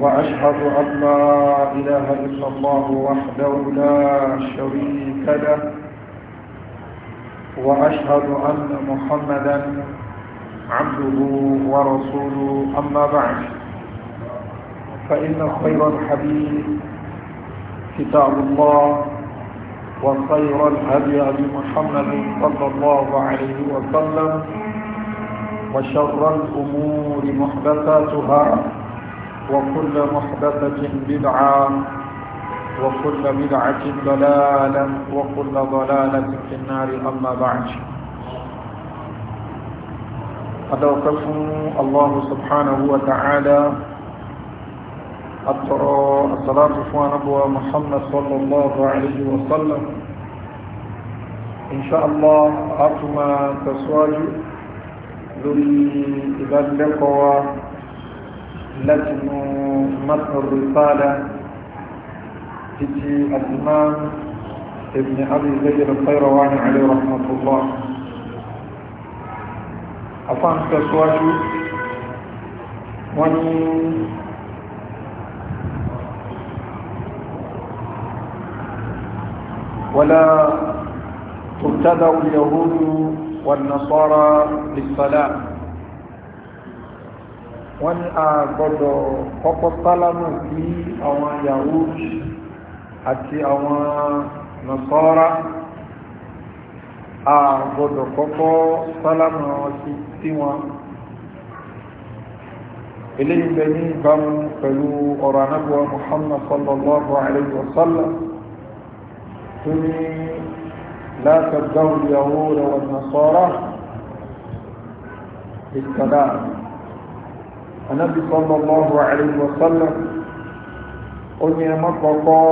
وأشهد أن لا إله إلا الله وحده لا شريك له وأشهد أن محمدا عبده ورسوله أما بعد فإن خير الحبيب كتاب الله وخير الهدي أبي محمد صلى الله عليه وسلم وشر الأمور محدثاتها وكل محدثة بدعة وكل بدعة ضلالة وكل ضلالة في النار أما بعد أدوكم الله سبحانه وتعالى أترى الصلاة فوان أبو محمد صلى الله عليه وسلم إن شاء الله أتما تسواج لذي إذا لقوا لجن مصر الرسالة تجي الإمام ابن أبي زيد الخيرواني عليه رحمة الله أفهم تسواجه وني ولا تبتدأ اليهود والنصارى بالصلاة wọ́n ní a gbọ́dọ̀ kọ́kọ́ sálámù sí àwọn yahudi àti àwọn nasara a gbọ́dọ̀ kọ́kọ́ sálámù àwọn sí wọn eléyìí bẹ ní ìbámu pẹ̀lú ọ̀rọ̀ anábọ̀ muhammad sallallahu alayhi wa sallam tó ní látàgbáwò yahudi wa nasara ìsàlámù anábì sallallahu alaihi wa sallam ó ní ẹmọ́ kọ̀ọ̀kọ́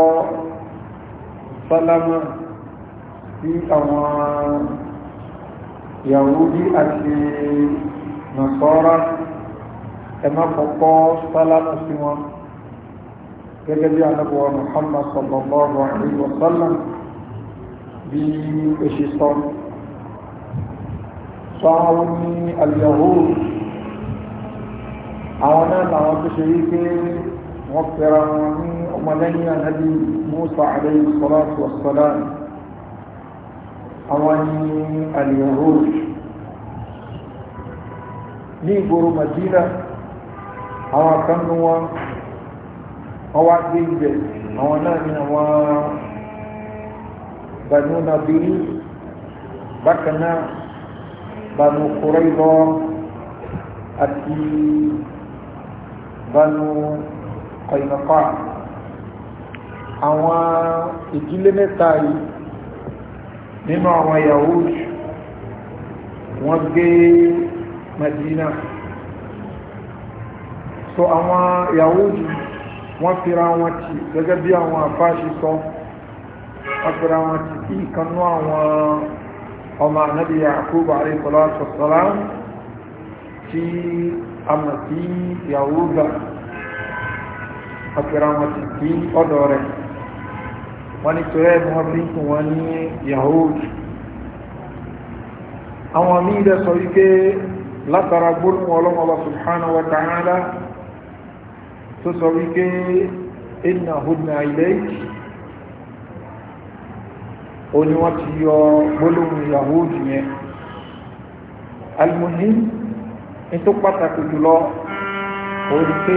sálámà sí àwọn yahudi àti nasara ẹmọ́ kọ̀ọ̀kọ́ sálámà sí wọn gẹ́gẹ́ bí anábì wa Muhammad sallallahu alaihi wa sallam bí ó sọ sọ àwọn ní al-yahudi àwọn náà làwọn tó ṣe wípé wọ́n pẹ̀rọ wọn ní ọmọlẹ́yìn ànábì Musa alayhi salatu wassalam àwọn ni al ní ìgboro Madina àwọn kanú wọn ọwá gbé àwọn náà ni àwọn Banu Nadir bákan Banu Qurayza àti banu kọ̀yìnàkọ́ àwọn ìdílé mẹ́ta yìí nínú àwọn Yahud wọ́n gbé Madina so àwọn Yahud wọ́n fira wọn ti gẹ́gẹ́ bí àwọn àfáàṣì sọ wọ́n fira wọn ti kí ìkanú àwọn ọmọ anábìyà Yakubu alayhi salatu wassalam àmà sí ìyàwó gbà àpẹẹrẹ àwọn ti sí ọ̀dọ̀ rẹ̀ wọ́n ní torí ẹ̀ wọ́n fi ń kún wọn ní ìyàwó àwọn míì dẹ̀ sọ wípé látara gbóhùn ọlọ́mọba subhanahu wa ta'ala tó sọ wípé inna hudna ilayki ó ní ti yọ gbólóhùn ìyàwó yẹn almuhim ètò pàtàkì jùlọ òun pé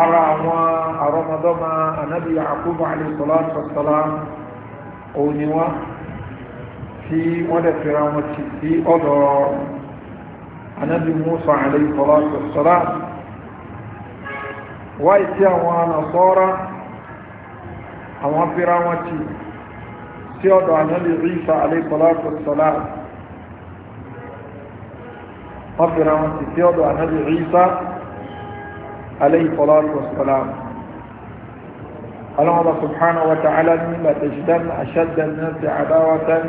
ara àwọn àrọmọdọ́mọ anábì Yakubu alayhi salatu wassalam òun ni wọ́n tí wọ́n dẹ̀ fẹ́ra wọn ti sí ọ̀dọ̀ anábì Musa alayhi salatu wassalam wáyé tí àwọn Nasara àwọn fẹ́ra wọn ti sí ọ̀dọ̀ anábì Isa alayhi salatu wọ́n fi ra wọn sì sí ọ̀dọ̀ ànábì Ìsá alayhi salatu wassalam Allah subhanahu wa ta'ala ní latajidanna ashadda an-nasi adawatan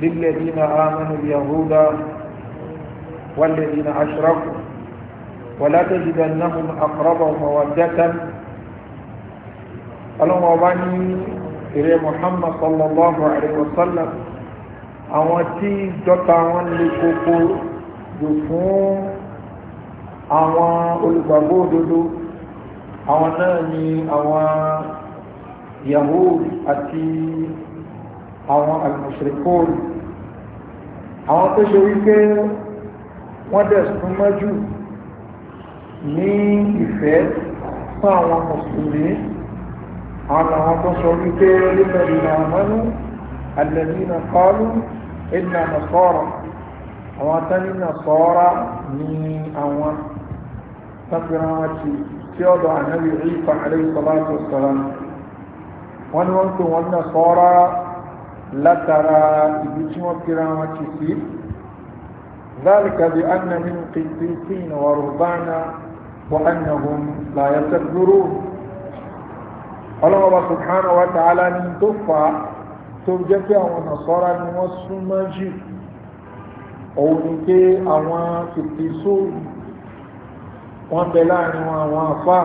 lilladhina amanu al-yahuda والذين أشركوا ولا تجدنهم أقربهم مودة اللهم وبني إلى محمد صلى الله عليه وسلم àwọn tí jọta wọn lè kókó jù fún àwọn olùgbàgbọ́ òdodo àwọn náà ni àwọn yahoo àti àwọn alìmọ̀ṣẹ̀kọ́ọ̀lù àwọn tó ṣe wípé wọ́n dẹ̀ súnmọ́ jù ní ìfẹ́ fún àwọn mùsùlùmí àwọn àwọn tó sọ wípé lẹ́mẹ̀rìnà àmọ́nú alẹ́mìnà kọlu ẹ̀nà nàṣọ́rọ̀ àwọn tánínà sọ́ọ́rá ní àwọn tàbíra wọn ti tí ọ̀dọ̀ ànábì ìfà alayhi salatu wassalam wọ́n ni wọ́n pè wọ́n náà sọ́ọ́rá látara ìlú tí wọ́n pèrà wọn ti sí ذلك بأن من قسيسين ورهبانا وأنهم لا يستكبرون ọlọ́wọ́ subhanahu wa ta'ala ní tó fa tó jẹ́ pé àwọn nàṣọ́rá ni wọ́n súnmọ́ jù òun ni pé àwọn fìtì sóòlù wọ́n bẹ láàrin wọn àwọn àfá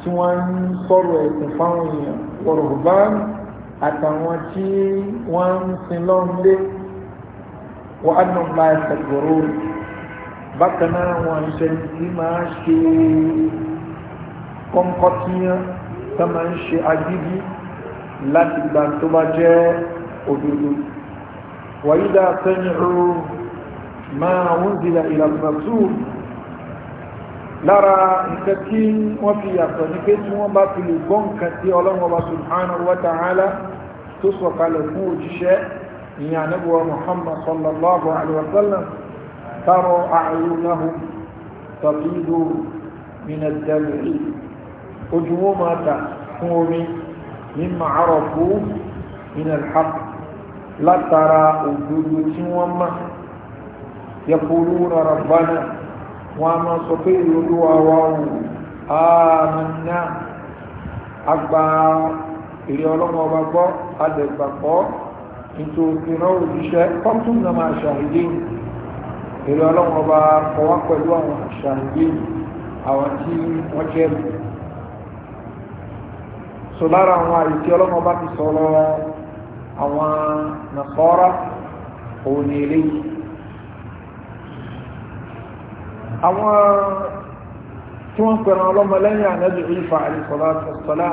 tí wọ́n ń sọ̀rọ̀ ẹ̀sìn fáwọn èèyàn wọ̀rọ̀bá àtàwọn tí wọ́n ń sin lọ́nlé wọ́n á nà bá ẹsẹ̀ gbòòrò bákan náà wọn ṣe ti máa ṣe kọ́ńkọ́tíyàn tó máa ń ṣe agídí láti gbà tó bá jẹ́ òdodo. وإذا سمعوا ما أنزل إلى الرسول lára nǹkan tí wọ́n fi yàtọ̀ ní pé tí wọ́n bá fi lè gbọ́ nǹkan tí ọlọ́run ọba subhanahu wa ta'ala tó sọ̀kalẹ̀ fún òjíṣẹ́ ìyàn anábọ̀wọ̀ muhammad sallallahu alaihi wasallam taro àìrúnahu tàbílù minadjami'i ojú wọn máa ta fún omi ní ma'arafu minalhaq látara òdodo tí wọ́n mọ̀ yaquluna rabbana wọn a máa sọ pé ìrọlúwa wa ò àmàna àgbà èrè ọlọ́mọ ọba gbọ́ adẹ̀gbàgbọ́ nítorí náà òjíṣẹ́ kọ́ńtùn náà máa ṣàhìdé èrè ọlọ́mọ ọba kọ̀wá pẹ̀lú àwọn àṣàhìdé àwọn tí wọ́n jẹ́ sọ lára àwọn a ọlọ́mọ ọba ti àwọn nàkọ́rọ́ òun ni eléyìí àwọn tí wọ́n pẹ̀rẹ̀ ọlọ́mọ lẹ́yìn ànábì ìfà àìsọ̀lá tọ̀sọ̀lá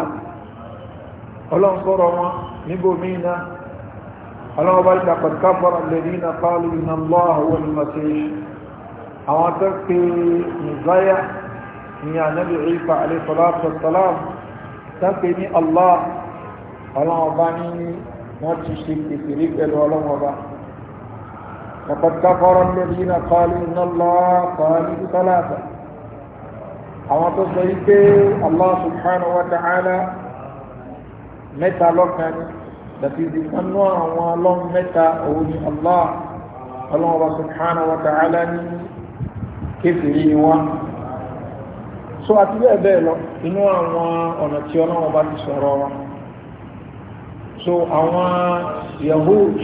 ọlọ́nkọ́rọ̀ wọn níbò mìíràn ọlọ́wọ́ bá ìjà pẹ̀lú kápọ̀rọ̀ lẹ́yìn náà pàálù iná lọ́ àwọn olùmọ̀tẹ́ àwọn wọ́n ti ṣe kèfèrè pẹ̀lú ọlọ́mọba لقد كفر الذين قالوا إن الله خالق ثلاثة àwọn tó sọ yí pé Allah subhanahu wa ta'ala mẹ́ta lọ́kan ni dàbí ìdìkanú àwọn ọlọ́run mẹ́ta òun ni Allah ọlọ́run ọba subhanahu wa ta'ala ní ti sọ̀rọ̀ wọn so àwọn yahood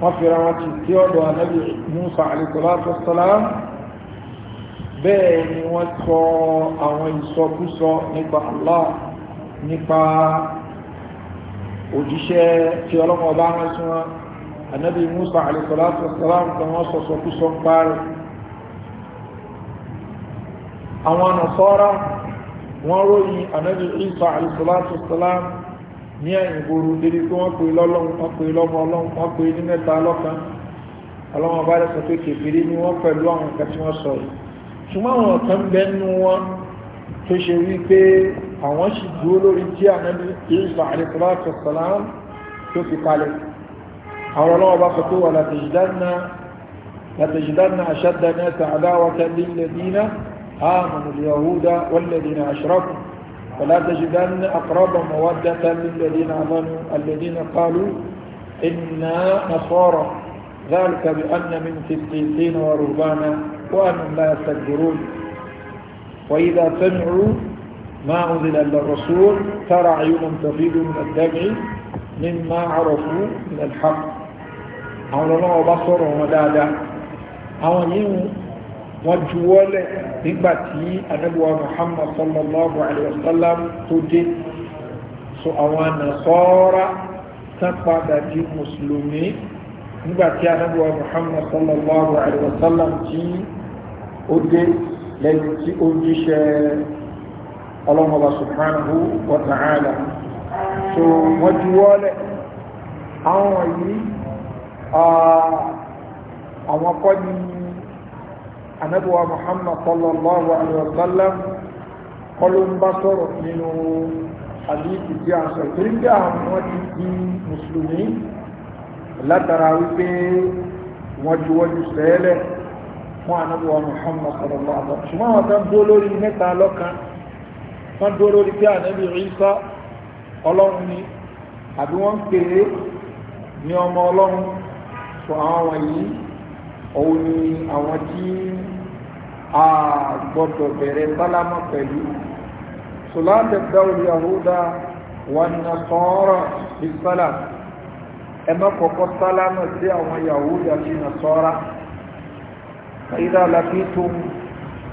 wọ́n fi rárá ti tí ọ̀dọ̀ anábì musa alìsọ́látọ̀ sọ́lám bẹ́ẹ̀ ni wọ́n sọ àwọn ìsọkúsọ nípa allah nípa òjíṣẹ́ tí ọlọ́mọ bá rán sí wọn anábì musa alìsọ́látọ̀ sọ́lám tó wọ́n sọ sọkúsọ ń parí àwọn ànàsọ́ra wọ́n ròyìn anábì isa alìsọ́látọ̀ ní ẹ̀yìn gbòòrò débi pé wọ́n pè lọ́lọ́run wọ́n pè lọ́mọ ọlọ́run wọ́n pè ní mẹ́ta lọ́kan ọlọ́wọ́n bá dẹ́sọ pé kèfèrè ni wọ́n pẹ̀lú àwọn nǹkan tí wọ́n sọ yìí ṣùgbọ́n àwọn kan bẹ́nu wọn tó ṣe wí pé àwọn sì dúró lórí tí ànábi ìrìnsà àdìsọ́láàtọ̀ sàlám tó fi kalẹ̀ àwọn ọlọ́wọ́ bá sọ pé فلا تجدن أقرب مودة للذين آمنوا الذين قالوا إنا نصارى ذلك بأن من فتيسين ورهبانا وأن لا يستكبرون وإذا سمعوا ما أنزل إلى الرسول ترى عيونهم تفيض من الدمع مما عرفوا من الحق أو لا بصر ومدادا أو wọ́n juwọ́lẹ̀ nígbà tí anábíwá muhammad sallallahu alaihi wasallam tó dé so àwọn nasọ́ra tán padà di mùsùlùmí nígbà tí anábíwá muhammad sallallahu alaihi wasallam tí ó dé lẹ́yìn tí ó jíṣẹ́ ọlọ́mọba subhanahu wa ta'ala so wọ́n juwọ́lẹ̀ àwọn yìí ah, àwọn kọ́ ni anabuwa muhammad sallallahu alaihi wasallam kọlọmbà sọ̀rọ̀ nínú àdíkì tí a sọ torí bí àwọn ti di mùsùlùmí látara wípé wọ́n ju wọ́jú sẹ́ẹ̀lẹ̀ fún anabuwa muhammad sallallahu alaihi wasallam ṣùgbọ́n àwọn tán lórí mẹ́ta lọ́kan wọ́n dúró lórí pé ànábì ìsá ọlọ́run ni àbí wọ́n ń pè ní ọmọ ọlọ́run sọ àwọn wọ̀nyí òun ni àwọn tí a gbọ́dọ̀ bẹ̀rẹ̀ sálámà pẹ̀lú sọláàtẹ̀ dáwọ̀lì àhúdá wọn na sọ́ọ̀rọ̀ bí sálà ẹmọ́ kọ̀kọ́ sálámà sí àwọn yahúdá sí na sọ́ọ̀rá fàyídà làkìtùm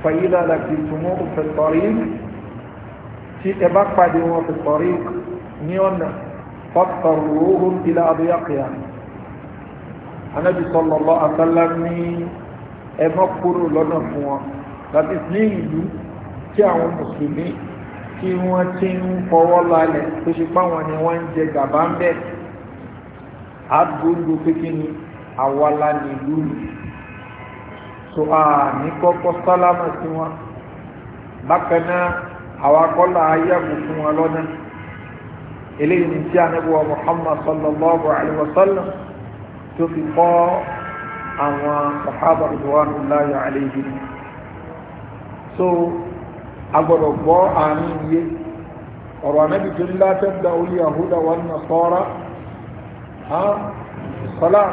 fàyídà làkìtùmù fẹ̀tọ̀rí tí ẹ bá pàdé wọn fẹ̀tọ̀rí ní ọ̀nà fọ́tọ̀rọ̀ òhun ilẹ̀ adúyàkìyà anábì sallallahu alaihi wasallam ní ẹmọ́ kúrò lọ́nà fún wọn láti ní ìlú tí àwọn mùsùlùmí tí wọ́n ti ń fọwọ́ lálẹ̀ tó ṣe páwọn ni wọ́n ń jẹ gàbá ń bẹ̀ àdúgbò pékin ni àwàlá nílù so a ní kọ́kọ́ sálámà sí wọn bákan náà àwọn akọ́là ayéàbò fún wọn lọ́nà eléyìí ní tí anábì wa Muhammad sallallahu alaihi wasallam tó fi kọ́ àwọn sàhábà ridwanullahi alayhim so agbọ́dọ̀ gbọ́ àmì iye ọ̀rọ̀ anábì tó ńlá tẹ́gbà olú yahuda wan nasara salam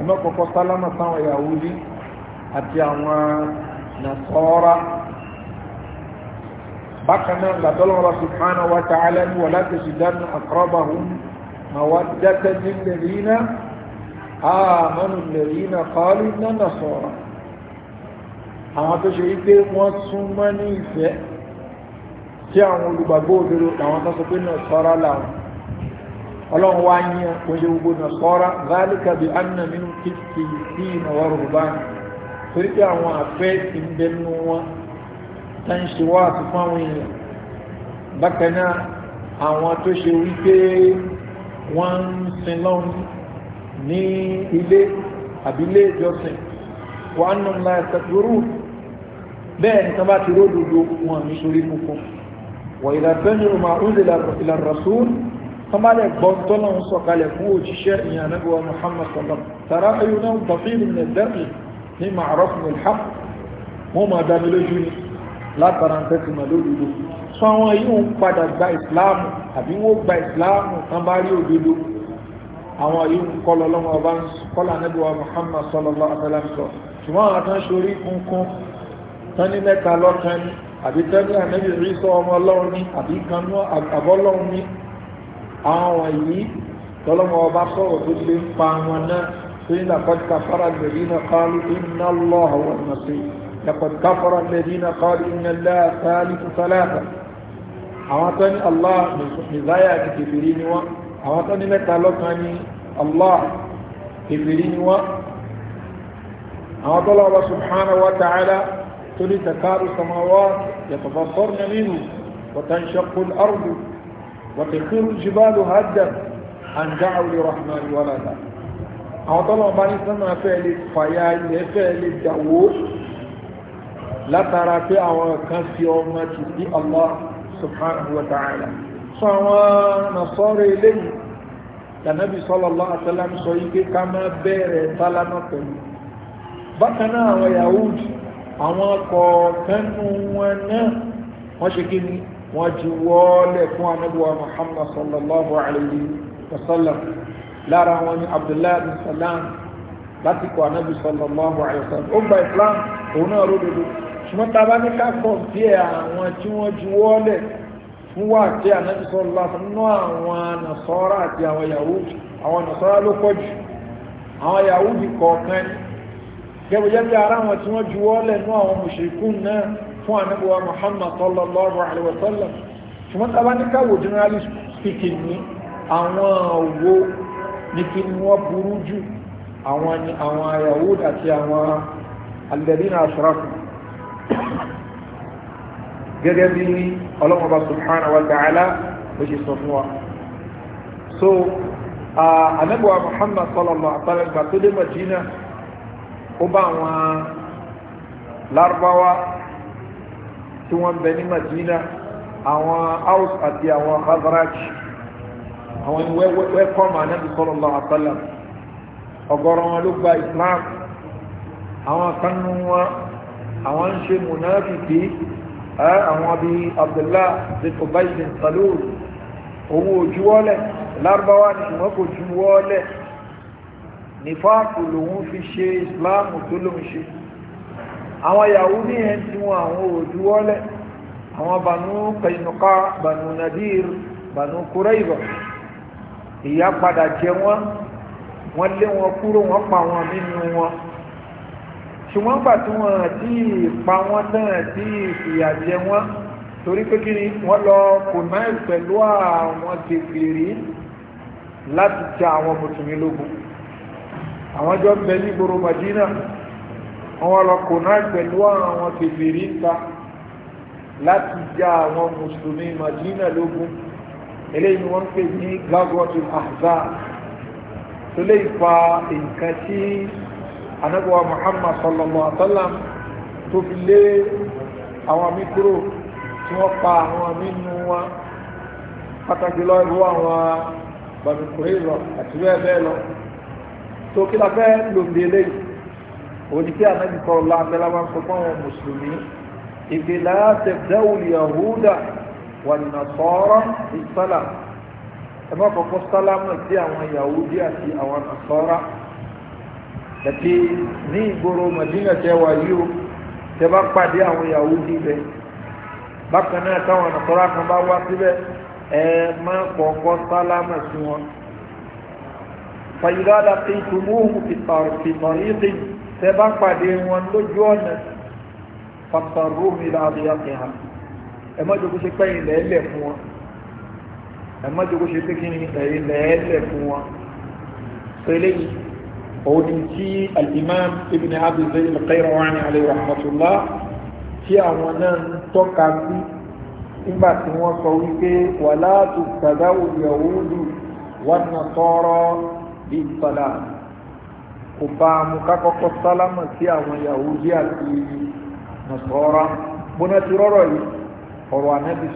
ẹ̀mọ́ kọ̀kọ́ sálámà sáwọn yahudi àti àwọn nasara bákanáà làdọ́lọ́wọ́ subhanahu wa ta'ala ni wala tajidanna aqrabahum mawaddatan lil ladina àmọ́nù lèrí na kọ́lù náà sọ̀rọ̀ àwọn tó ṣe wípé wọ́n súnmọ́ ní ìfẹ́ tí àwọn olùgbàgbọ́ òdòdó àwọn tó sọ pé náà sọ́rá láwọn ọlọ́run wá ń yẹn kò ṣe gbogbo náà sọ́rá zálìkà bí nínú kìkì sí ìnáwó wọ́n ń ní ilé àbílé ìjọsìn wà nù ńlá ìtàkùrù bẹ́ẹ̀ ní kan bá ti ródòdó wọn ní sórí funfun wà ìdàfẹ́nu ma ń lè ìlà rasul kan bá lè gbọ́ tọ́lọ̀ ń sọ kalẹ̀ fún òjíṣẹ́ ìyàn anábíwá muhammad sallam tara ayu náà tafiru ní dẹ́rì ní ma'arafu alhaq wọn máa dá mi àbí wọn gba ìsìláàmù kan bá rí òdodo àwọn ayé ń kọlọ lọ́wọ́ ọba ń kọlọ anábíwá muhammad sallallahu alaihi wasallam sọ ṣùgbọ́n àwọn kan ṣorí kunkun tán ní mẹ́ta lọ́kàn ní àbí tẹ́lẹ̀ anábì rí sọ ọmọ ọlọ́run ní àbí kanú àbọ́lọ́run ní àwọn yìí tọ́lọ́mọ ọba sọ̀rọ̀ tó lè ń pa wọn náà tó ní laqad kafara alladhina qalu inna allaha huwa àwọn tó àwọn tó ní mẹ́ta lọ́kan ní allah kèfèrí ni wọ́n àwọn tó lọ́wọ́ subhanahu wa ta'ala tó ní takaru samawa yatafassarna minhu wa tanshaqqu al-ardu wa takhiru al-jibalu hadda an da'u lirahmani walada àwọn tó lọ́wọ́ bá ní sánmà fẹ́ lè fàyà ilẹ̀ látara pé àwọn kan fi ọmọ ti sí allah subhanahu wa ta'ala sọ àwọn nàṣọ́rọ̀ eléyìí tànàbí sallallahu alaihi wasallam sọ ike ká máa bẹ̀rẹ̀ sálámà pẹ̀lú bákan náà àwọn yahudi àwọn kọ̀ọ̀kanú wọn náà wọ́n ṣe kí ni wọ́n ju wọ́ọ́lẹ̀ fún anábíwá muhammad sallallahu alaihi wasallam lára wọn ni abdullahi bin salam láti kọ anábí àwọn tí wọ́n ju wọ́ọ́lẹ̀ fún wà tí ànábì sọ́rọ̀ láti nú àwọn nàṣọ́rọ̀ àti àwọn yahudi àwọn nàṣọ́rọ̀ ló pọ̀ jù àwọn yahudi kọ̀ọ̀kan ni gẹ́gẹ́ jẹ́ bí ara wọn tí wọ́n ju wọ́lẹ̀ nú àwọn mùṣìríkùn náà fún ànábì wa muhammad sallallahu alaihi wa sallam ṣùgbọ́n tá a bá ní káwò generally speaking ni àwọn òwò ní kí ni wọ́n burú jù àwọn yahudi àti àwọn alladhina ashraku gẹ́gẹ́ bí ọlọ́mọba subhanahu wa ta'ala bó ṣe sọ fún wa so anabuwa muhammad sallallahu alaihi wa sallam gba tó dé madina ó bá àwọn lárúbáwá tí wọ́n bẹ ní madina àwọn haus àti àwọn khazraj àwọn ni wẹ́kọ́mù anabi sallallahu alaihi wa ọgọ́rọ̀ wọn ló gba islam àwọn kan nínú wọn àwọn ń ṣe munafiki àwọn abi abdullah bin ubay bin salul òun ò juwọ́lẹ̀ lárúbáwá ni ṣùgbọ́n kò juwọ́lẹ̀ nífàkù lòun fi ṣe ìsìláàmù tó lòun ṣe àwọn Yahudi ní ẹ̀ tí wọn àwọn ò juwọ́lẹ̀ àwọn bànú kẹyìnùká bànú nadir bànú kúrẹ́ìbà ìyá padà jẹ wọn wọn lé wọn kúrò wọn pa wọn nínú wọn ṣùgbọ́n gbà tí wọ́n ti pa wọ́n náà tí ìfìyà jẹ wọ́n torí pé kí ni wọ́n lọ kò náà pẹ̀lú àwọn kèfèrí láti ja àwọn mùsùlùmí lógun àwọn jọ bẹ ní gbòòrò Madina àwọn lọ kò náà pẹ̀lú àwọn kèfèrí ta láti ja àwọn mùsùlùmí Madina lógun eléyìí wọ́n pè ní gagotu ahzab tó lè fa nǹkan tí anábọ̀wá muhammad sallallahu alaihi wa sallam tó fi lé àwọn mi kúrò tí wọ́n pa àwọn mi nù wọn pàtàkì lọ ìlú àwọn bàbíkùrẹ́ lọ àti bẹ́ẹ̀ bẹ́ẹ̀ lọ tó kí fẹ́ lòdì eléyìí òní pé anábì sallallahu alaihi wa ń sọ fún àwọn mùsùlùmí ìpè láti yahuda wà ní nasọ́rọ́ ìsálà ẹ má kọ́kọ́ sálámù sí àwọn yahudi àti àwọn nasọ́rọ́ àti ní ìgboro Madina tẹwà yìí o tẹ bá pàdé àwọn Yahudi bẹ bákan náà táwọn ànàkọ́rá kan bá wá síbẹ̀ ẹ máa kọ̀ọ̀kọ́ sálámà sí wọn fàyílá láti tùmúhù fìtàrídì tẹ bá pàdé wọn lójú ọ̀nà fàtàrúmi láàbíyá ti hàn ẹ má jókòó ṣe pẹ́yìn lẹ́ẹ̀lẹ̀ fún wọn ẹ má jókòó ṣe pé lẹ́ẹ̀lẹ̀ fún wọn òun ni tí al-imam ibn abi zayd al-qayrawani alayhi rahmatullah tí àwọn náà ń tọ́ka sí nígbà tí wọ́n sọ wípé wàlá tó gbàgbá al-yahudu wan nasara bí sọlá kò bá mu kákọ́kọ́ sálámà sí àwọn yahudi àti nasara bóná ti rọ́rọ̀ yìí ọ̀rọ̀ ànábì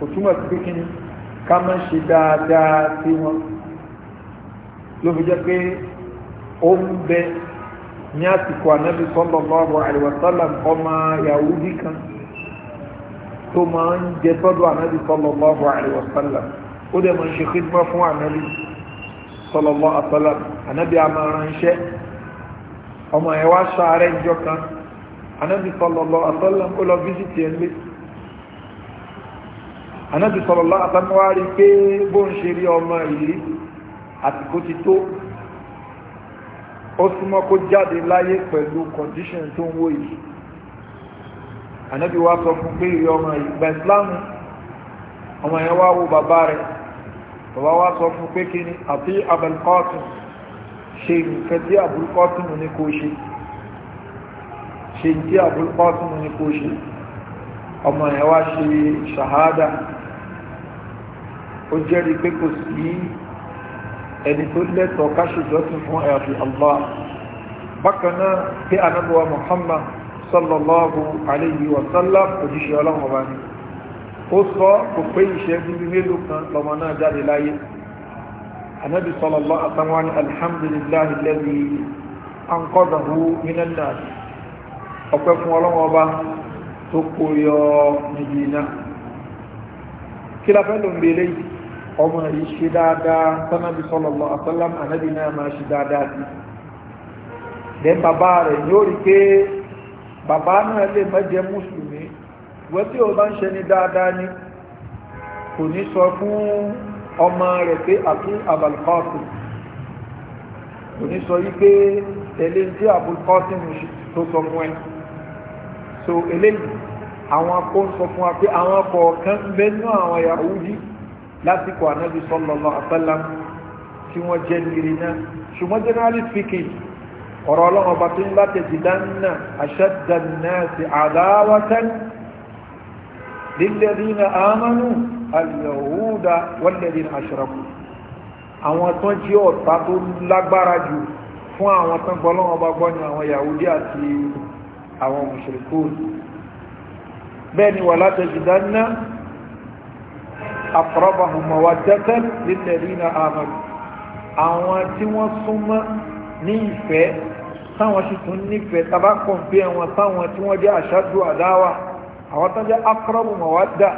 kò túmọ̀ sí pé kí ni ká máa ṣe dáadáa sí wọn ló fi jẹ́ pé ó ń bẹ ní àsìkò ànábi sallallahu alaihi wasallam ọmọ yahudi kan tó máa ń jẹ tọ́dọ̀ ànábi sallallahu alaihi wasallam ó dẹ̀ máa ń ṣe khidma fún ànábi sallallahu alaihi wasallam ànábi àmà ránṣẹ́ ọmọ ẹ̀ wá ṣàárẹ̀ ìjọ kan ànábi sallallahu alaihi wasallam ó lọ fíṣítì ẹ̀ lé anábì sọ̀rọ̀lá àtàmúwárí pé bó ń ṣe rí ọmọ yìí àtìkó ti tó ó súnmọ́ kó jáde láyé pẹ̀lú condition tó ń wó yìí anábì wá sọ fún pé ìrí ọmọ yìí gba ìsìláàmù ọmọ yẹn wá wo bàbá rẹ̀ bàbá wá sọ fún pé kí ni àti abẹ́lkọ́tù ṣe nǹkan tí àbúrúkọ́tù ní kó ṣe ṣe tí àbúrúkọ́tù ní kó ṣe ọmọ yẹn wá ṣe ṣàhádà ó jẹ́rìí pé kò sí ẹni tó lẹ́tọ̀ọ́ káṣùjọ́sìn fún àyàfi Allah bákan náà pé anábọ̀wá Muhammad sallallahu alayhi wa sallam òjíṣẹ́ ọlọ́run ọba ni ó sọ kò pé ìṣẹ́ bíbí mélòó kan lọ́mọ náà jáde láyé anábì sallallahu àtàwọn ni alhamdulillah alladhi anqadhahu kí la fẹ́ ọmọ yìí ṣe dáadáa sanabi sallallahu alaihi wasallam anabi náà máa ṣe dáadáa sí then bàbá rẹ̀ yóò rí pé bàbá náà lè má jẹ́ mùsùlùmí wọ́n tí ó bá ń ṣe ní dáadáa ni kò ní sọ fún ọmọ rẹ̀ pé àti Abul Qasim kò ní sọ wípé tẹ̀lé tí Abul Qasim tó sọ fún ẹ so eléyìí àwọn akó ń sọ fún wa pé àwọn kọ̀ọ̀kan bẹ́ẹ̀ nú àwọn Yahudi yìí lásìkò ànábi sallallahu alaihi wasallam tí wọ́n jẹ́ nìrì náà ṣùgbọ́n generally speaking ọ̀rọ̀ ọlọ́run ọba tó ń láti jìdánná ashadda an-nasi adawatan lilladhina amanu al-yahuda walladhina ashraku àwọn tó ń jí ọ̀tá tó lágbára jù fún àwọn tó ń gbọ́ àwọn yahudi àti àwọn mushrikun bẹ́ẹ̀ ni wala tajidanna aqrabahum mawaddatan lilladhina amanu àwọn tí wọ́n súnmọ́ ní ìfẹ́ táwọn sì tún nífẹ̀ẹ́ tàbá kọ̀m̀pé wọn táwọn tí wọ́n jẹ́ ashaddu adawa àwọn tó jẹ́ aqrabu mawadda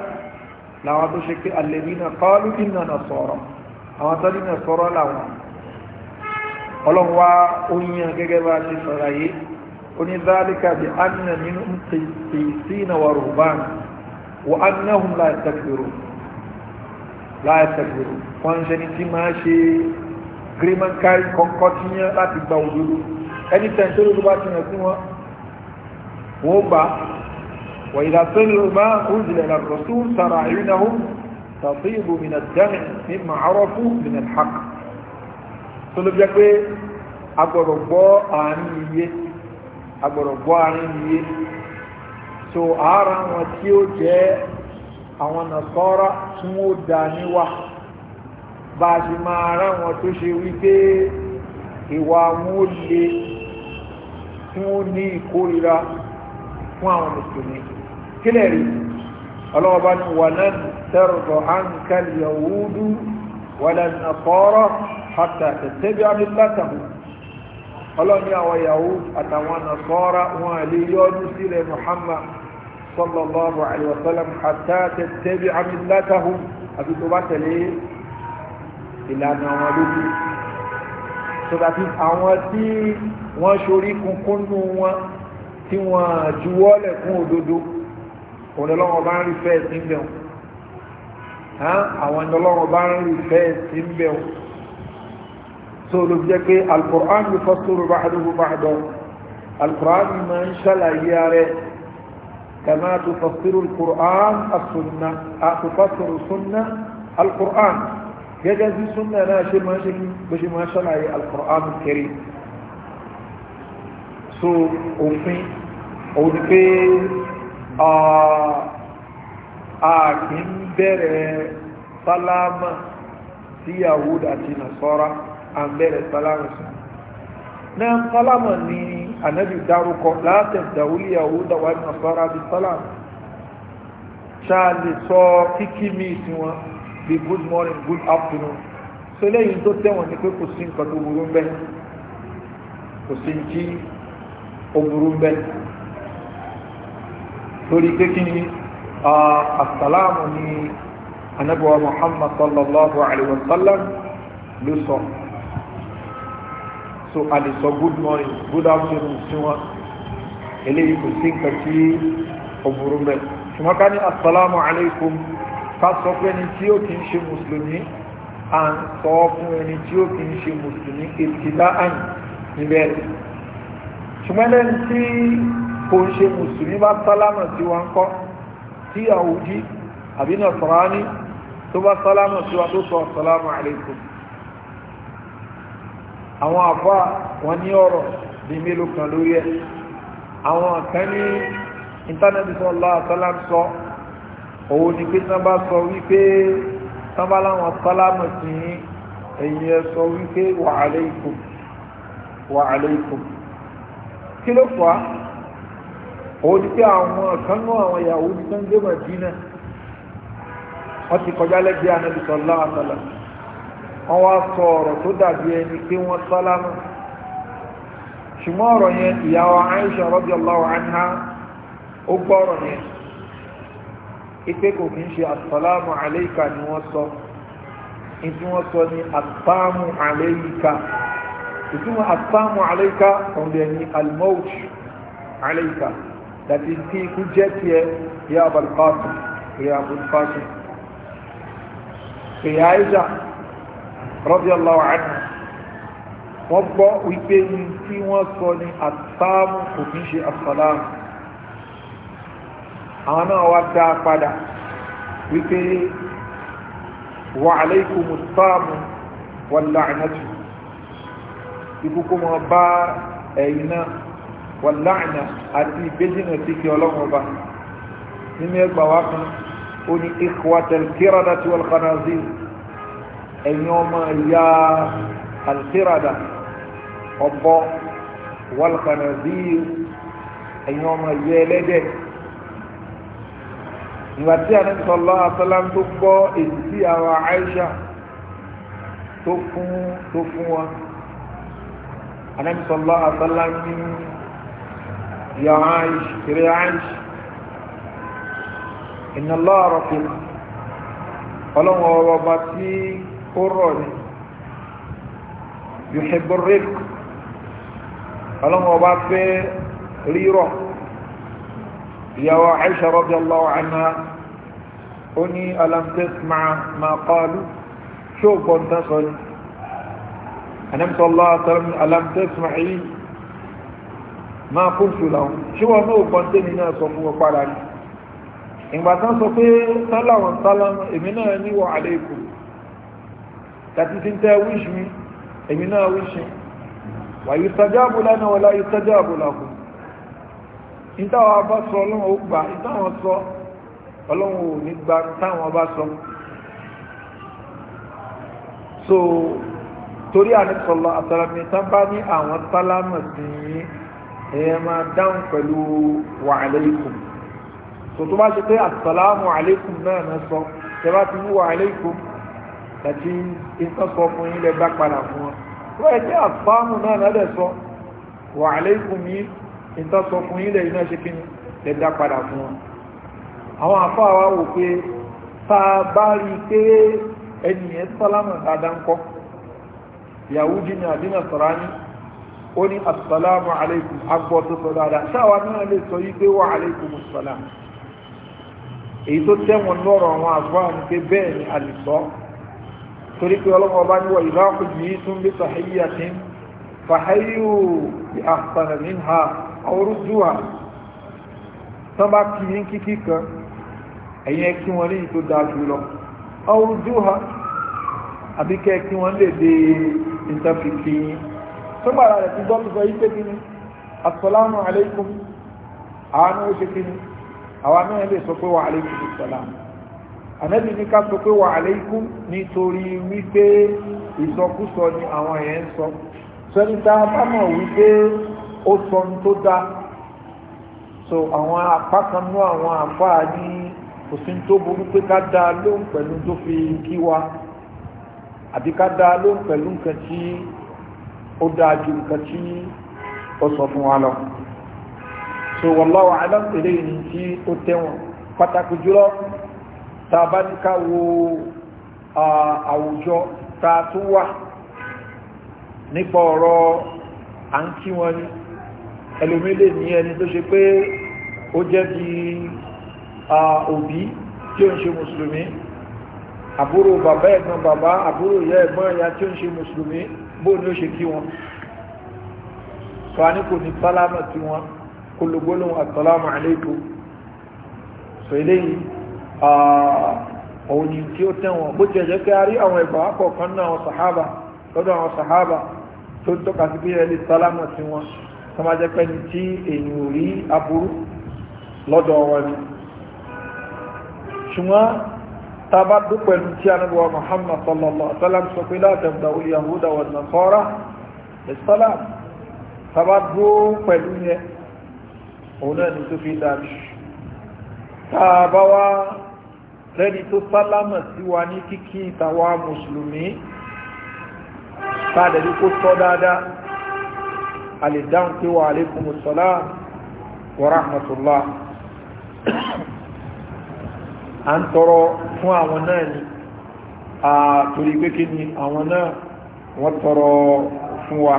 làwọn tó ṣe pé alladhina qalu inna nasara àwọn tó ní nasara làwọn ọlọ́wà oyin gẹ́gẹ́ bá ti sọ̀rọ̀ yìí onídàálíkà bí anna nínú ń tèsí na wà rùbán wa annahum la yastakbirun láìsẹ̀gbèrò wọ́n ń ṣe ní tí máa ṣe gírímọ̀kárì kọ́kọ́ tí yẹn láti gba òdodo ẹni tẹ̀ tó lóba ti hàn sí wọn wọ́n gbà wọ́n ìlà tó lè máa ń jìnlẹ̀ lọ́rọ̀ tó ń sara ìrìnàwó tàfíìbù mìnà dẹ́rìn ní màárọ̀ fún mìnà hàk tó ló jẹ́ pé agbọ̀rọ̀ gbọ́ àárín iye agbọ̀rọ̀ gbọ́ àárín iye so àárọ̀ wọn tí ó jẹ́ àwọn nàkọ́rọ́ tí wọ́n dá níwà bá a sì máa rá wọn tó ṣe wípé ìwà wọn ó le tí wọ́n ní ìkórira fún àwọn mùsùlùmí kílẹ̀ rí ọlọ́ọ̀bá ni wà náà tẹ́rọ̀tọ̀ ánkàlì yahudu wà lẹ́nà kọ́rọ̀ hàtà tẹ̀tẹ́bí amílátàmù ọlọ́ni àwọn yahudu àtàwọn nàkọ́rọ̀ wọn àlè yọ́dún sílẹ̀ muhammad صلى الله عليه وسلم حتى تتبع ملتهم أبي تباتلي إلى نوالوك sọdàtí àwọn tí wọ́n ṣorí kunkúnnú wọn tí wọ́n juwọ́lẹ̀ fún òdodo òdòlọ́wọ́ bá ń rí fẹ́ sí bẹ̀ wọn àwọn ìdọ́lọ́wọ́ bá ń rí fẹ́ sí bẹ̀ wọn so ló fi jẹ́ pé alkùrán ló fọ́ sórò bá àdúgbò bá àdọ́ alkùrán máa ń ṣàlàyé ara كما تفسر القرآن السنة تفسر السنة القرآن يجازي السنة ناشي ماشي بشي ما شرع القرآن الكريم سو òfin òun ni pé a kì ń bẹ̀rẹ̀ sálámà sí Yahud نعم Nasara à ànábì dárúkọ látẹ̀ dàwúlì yahuda wà nasara bí salam ṣáàlì sọ kíkí mi sí wọn bí good morning good afternoon so lẹ́yìn tó tẹ̀wọ̀n ni pé kò sí nǹkan tó burú bẹ́ẹ̀ kò sí jí ó burú bẹ́ẹ̀ lórí pé kí ni asalaamu ni anabiwa muhammad sallallahu alayhi wa sallam ló sọ so a lè sọ good morning good afternoon sí wọn eléyìí kò sí nǹkan tí ọ̀bùrù mẹ́ ṣùgbọ́n ká ní asalaamu alaykum ká sọ pé ẹni tí ó kì í ṣe mùsùlùmí à ń sọ fún ẹni tí ó kì í ṣe mùsùlùmí ètìlá àyìn níbẹ̀ ṣùgbọ́n ẹni tí kò ń ṣe mùsùlùmí bá sálámà sí wa ń kọ́ tí àwùjí àbí nàṣọ́rání tó bá sálámà sí wa tó sọ asalaamu alaykum àwọn àfá wọn ní ọ̀rọ̀ bí mélòó kan lórí ẹ̀ àwọn kan ní ìntánẹ́tì sọ́lá àtọ́lá ń sọ òun ni pé tán bá sọ wípé tán bá láwọn sálámù sí ẹ̀yìn ẹ̀ sọ wípé wa alaykum wa alaykum kí ló fà òun ni pé àwọn kan àwọn ìyàwó ní tán gbé mọ̀ dínà wọ́n ti kọjá lẹ́gbẹ̀ẹ́ ànábì sọ́lá àtọ́lá wọ́n wá sọ ọ̀rọ̀ tó dàbí ẹni pé wọ́n sálámù ṣùgbọ́n ọ̀rọ̀ yẹn ìyàwó Aisha radiyallahu anha ó gbọ́rọ̀ yẹn ipe kò kí ń ṣe asalamu aleika ni wọ́n sọ ìtí wọ́n sọ ní asamu aleika ìtumọ̀ asamu aleika òun dẹ̀ ní almout aleika dàbí tí ikú jẹ́ tiẹ̀ yá abalqasim yá abalqasim kìyà Aisha radiyallahu anhu wọ́n gbọ́ wípé ní tí wọ́n sọ ní àtàmù kò kí ń ṣe àsàlámù àwọn náà wá dá padà wípé wà aláìkùmù sáàmù wà láàánátù ibùkú mọ̀ bá ẹ̀yìn náà wà láàánà àti ìbéjìnà tí kí ọlọ́run ọba nínú ẹgbàá wá ó ní ikhwatal qiradati ẹ̀yin ọmọ ìyá alkirada ọ̀bọ walkanazir ẹ̀yin ọmọ ìyá ẹlẹ́dẹ̀ ìgbà tí a ní sọlọ asọlá tó gbọ́ èyí tí àwọn Aisha tó fún tó fún wọn anabi sallallahu ní ya aish kiri aish inna allah ọlọ́wọ́ ọba tí ó rọ̀ ni yuhibburiq ọlọ́run ọba fẹ́ rírọ̀ ìyàwó Aisha radiyallahu anha ó ní alam tasma' ma qalu ṣó gbọ́ntán sọ ni anamsọ́lá alam tasma'i ma qultu lahum ṣé wọn náà gbọ́ntán ní náà sọ fún ní ìgbà sọ pé tálàwọn tálàmù èmi náà níwọ̀ alaykum tàbí tí ń tẹ́ wíṣì mi èmi náà wíṣì wà yìí sàjábù lánàá wọlá yìí sàjábù làkù ìtawà bá sọ ọlọ́run ó gbà ìtawà sọ ọlọ́run ò ní gba táwọn bá sọ so torí àníṣọ́lọ́ àtàràmì tán bá ní àwọn sálámà sí yìí èèyàn máa dáhùn pẹ̀lú wà aláìkùm so tó bá ṣe pé àsàlámù aláìkùm náà náà sọ tẹ ti ní wà aláìkùm àti ìtọ́sọ fún ilẹ̀ bá padà fún wọn wọ́n ẹ̀ tí àfáàmù náà lọ́dẹ̀ sọ wà aléìkùn yí ìtọ́sọ fún ilẹ̀ iná ṣe kí lè dá padà fún wọn àwọn àfáà wá wò pé ta bá rí pé ẹnìyàn sálámù dáadáa ń kọ́ ìyàwó jí ní àdínà sọ̀rọ̀ ní ó ní asàlámù aléìkùn agbọ́ tó sọ dáadáa sáwa náà lè sọ yí pé wà aléìkùn sàlámù èyí tó tẹ́wọ̀n lọ́rọ̀ àwọn àfáà ní pé bẹ́ẹ̀ ni àlìsọ́ torí pé ọlọ́mọ ọba ní wọ ìlọ́kù yìí tún bí sàhíyà tí fàhíyù bí àfàànà ní ha ọrùdúwà tán bá kí ní kíkí kan ẹ̀yìn ẹkí wọn ní ìtò dáa jù lọ ọrùdúwà àbíkẹ́ kí wọ́n lè dé ìtàfikì yìí tó gbàrà ti dọ́tù sọ yípe kí ni asọ́lámù aleikum àwọn náà ni àwọn náà lè sọ pé wà aleikum sọ́lámù ànábì ní ká sọ pé wà aleikum nítorí wípé ìsọkúsọ ni àwọn èèyàn ń sọ sẹ́ni tá a wípé ó sọ ní tó dá so àwọn apá kan nú àwọn àfáà ní òsín tó burú pé ká dá a lóhùn pẹ̀lú tó fi kí wa àbí ká dá a lóhùn pẹ̀lú nǹkan tí ó dáa ju nǹkan tí ó sọ fún wa lọ so wallahu alam eléyìí ni tí ó tẹ̀wọ̀n pàtàkì jùlọ tá a bá ní ká wo àwùjọ tá a tún wà nípa ọ̀rọ̀ à ń kí wọn ní ẹlòmílè ní ẹni tó ṣe pé ó jẹ́ bí òbí tí ó ń ṣe mùsùlùmí àbúrò bàbá ẹ̀gbọ́n bàbá àbúrò ìyá ẹ̀gbọ́n ìyá tí ó ń ṣe mùsùlùmí bó ni ó ṣe kí wọn sọ kò ní sálámà tí wọn kò lògbólóhùn àtọ́lámà àlékún sọ eléyìí Ah, òun ni tí ó tẹ́wọ̀n bó ti ẹ̀jẹ́ kí a rí àwọn ẹ̀bà kọ̀ọ̀kan náà àwọn sàhábà lọ́dọ̀ àwọn sàhábà tó ń tọ́ka sí pé ẹlẹ́ sálámà sí wọn tó máa jẹ́ pẹ́ni tí èyàn ò rí aburú lọ́dọ̀ wọn ni ṣùgbọ́n ta bá dún pẹ̀lú tí anábọ̀ Muhammad sallallahu alaihi lẹ́ni tó sálámà sí wa ní kíkí ìtàwà mùsùlùmí sáàdẹ̀bí kó tọ́ dáadáa a lè dáhùn pé wà alékùnmù sọ́lá wa rahmatullah a ń tọrọ fún àwọn náà ni a torí pé ni àwọn náà wọ́n tọrọ fún wa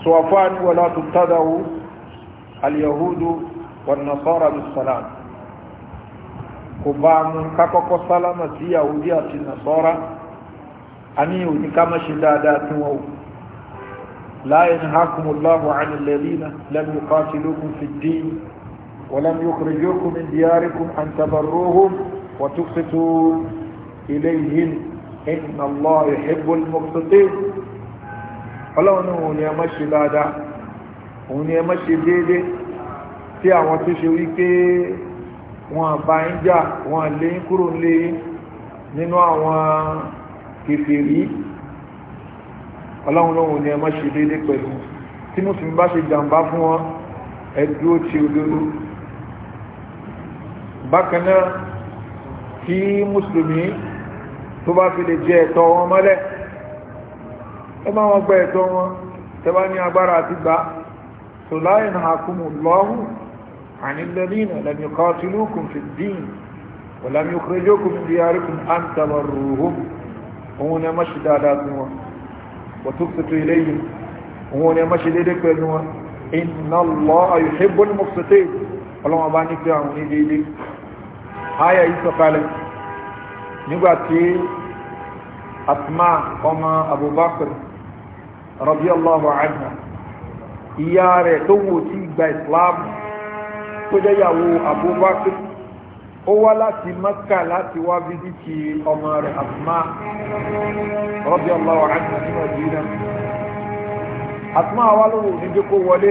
so afọ́ tó tádàwó al-yahudu wa nasara kò bá mú kákọ́kọ́ sálámà sí yahudi àti nasọ́ra a ní òní ká má ṣe dáadáa tí wọ́n la yanhakum Allahu 'ani alladhina lam yuqatilukum fid din wa lam yukhrijukum min diyarikum an tabarruhum wa ilayhim inna Allaha yuhibbul muqsitin ọlọ́run ní òun ni ẹ má ṣe dáadáa òun ni ẹ má ṣe déédéé tí àwọn tó ṣe wípé wọn bá ń jà wọn lé ń kúrò lé nínú àwọn kèfèrí ọlọ́run lóhun ni ẹ má ṣe déédéé pẹ̀lú tí mùsùlùmí bá ṣe jàǹbá fún wọn ẹ dúró ti òdodo bákan náà tí mùsùlùmí tó bá fi lè jẹ ẹ̀tọ́ wọn mọ́lẹ̀ ẹ má wọn gba ẹ̀tọ́ wọn tẹ́wá ní agbára àti gbà tòláyìn àkùmù lọ́hùn عن الذين لم يقاتلوكم في الدين ولم يخرجوكم من دياركم أن تبروهم هنا مشي داداتهم وتبسطوا إليهم هنا مشي داداتهم إن الله يحب المبسطين ọlọ́wọ́n bá ní pé àwọn ní déédé ayà yìí sọ̀kalẹ̀ nígbàtí asma ọmọ abubakar radiyallahu anha ìyá rẹ̀ tó wò tó jẹ́ ìyàwó Abubakar ó wá láti Mẹ́kà láti wá bídíkì ọmọ rẹ̀ Asma radiyallahu anha ní Madina Asma wá lóhùn oníjẹ́ kó wọlé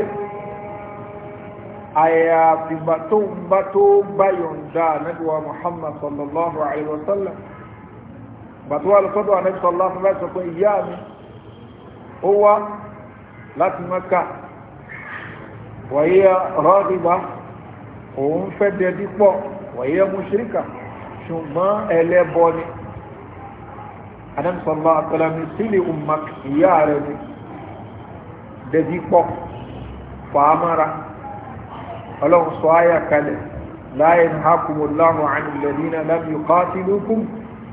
àyàfìgbà tó ń bá tó bá yọ̀ǹda Muhammad sallallahu alaihi wasallam bàtúwà lọ́sọ́dọ̀ ànẹ́sọ̀lá fún láti sọ pé ìyá mi ó wá láti Mẹ́kà wàyí rọ́ọ̀dìbá òun fẹ́ dẹbí pọ̀ wọ̀nyẹ́ mú ṣíríkà ṣùgbọ́n ẹlẹ́bọ ni anamsọ̀lá àtọ́lámi sílẹ̀ umak ìyá rẹ̀ ni dẹbí pọ̀ fàámára ọlọ́run sọ ayà kalẹ̀ láyé ní hakumullahu anilẹ̀dínà lábí yuqatilukum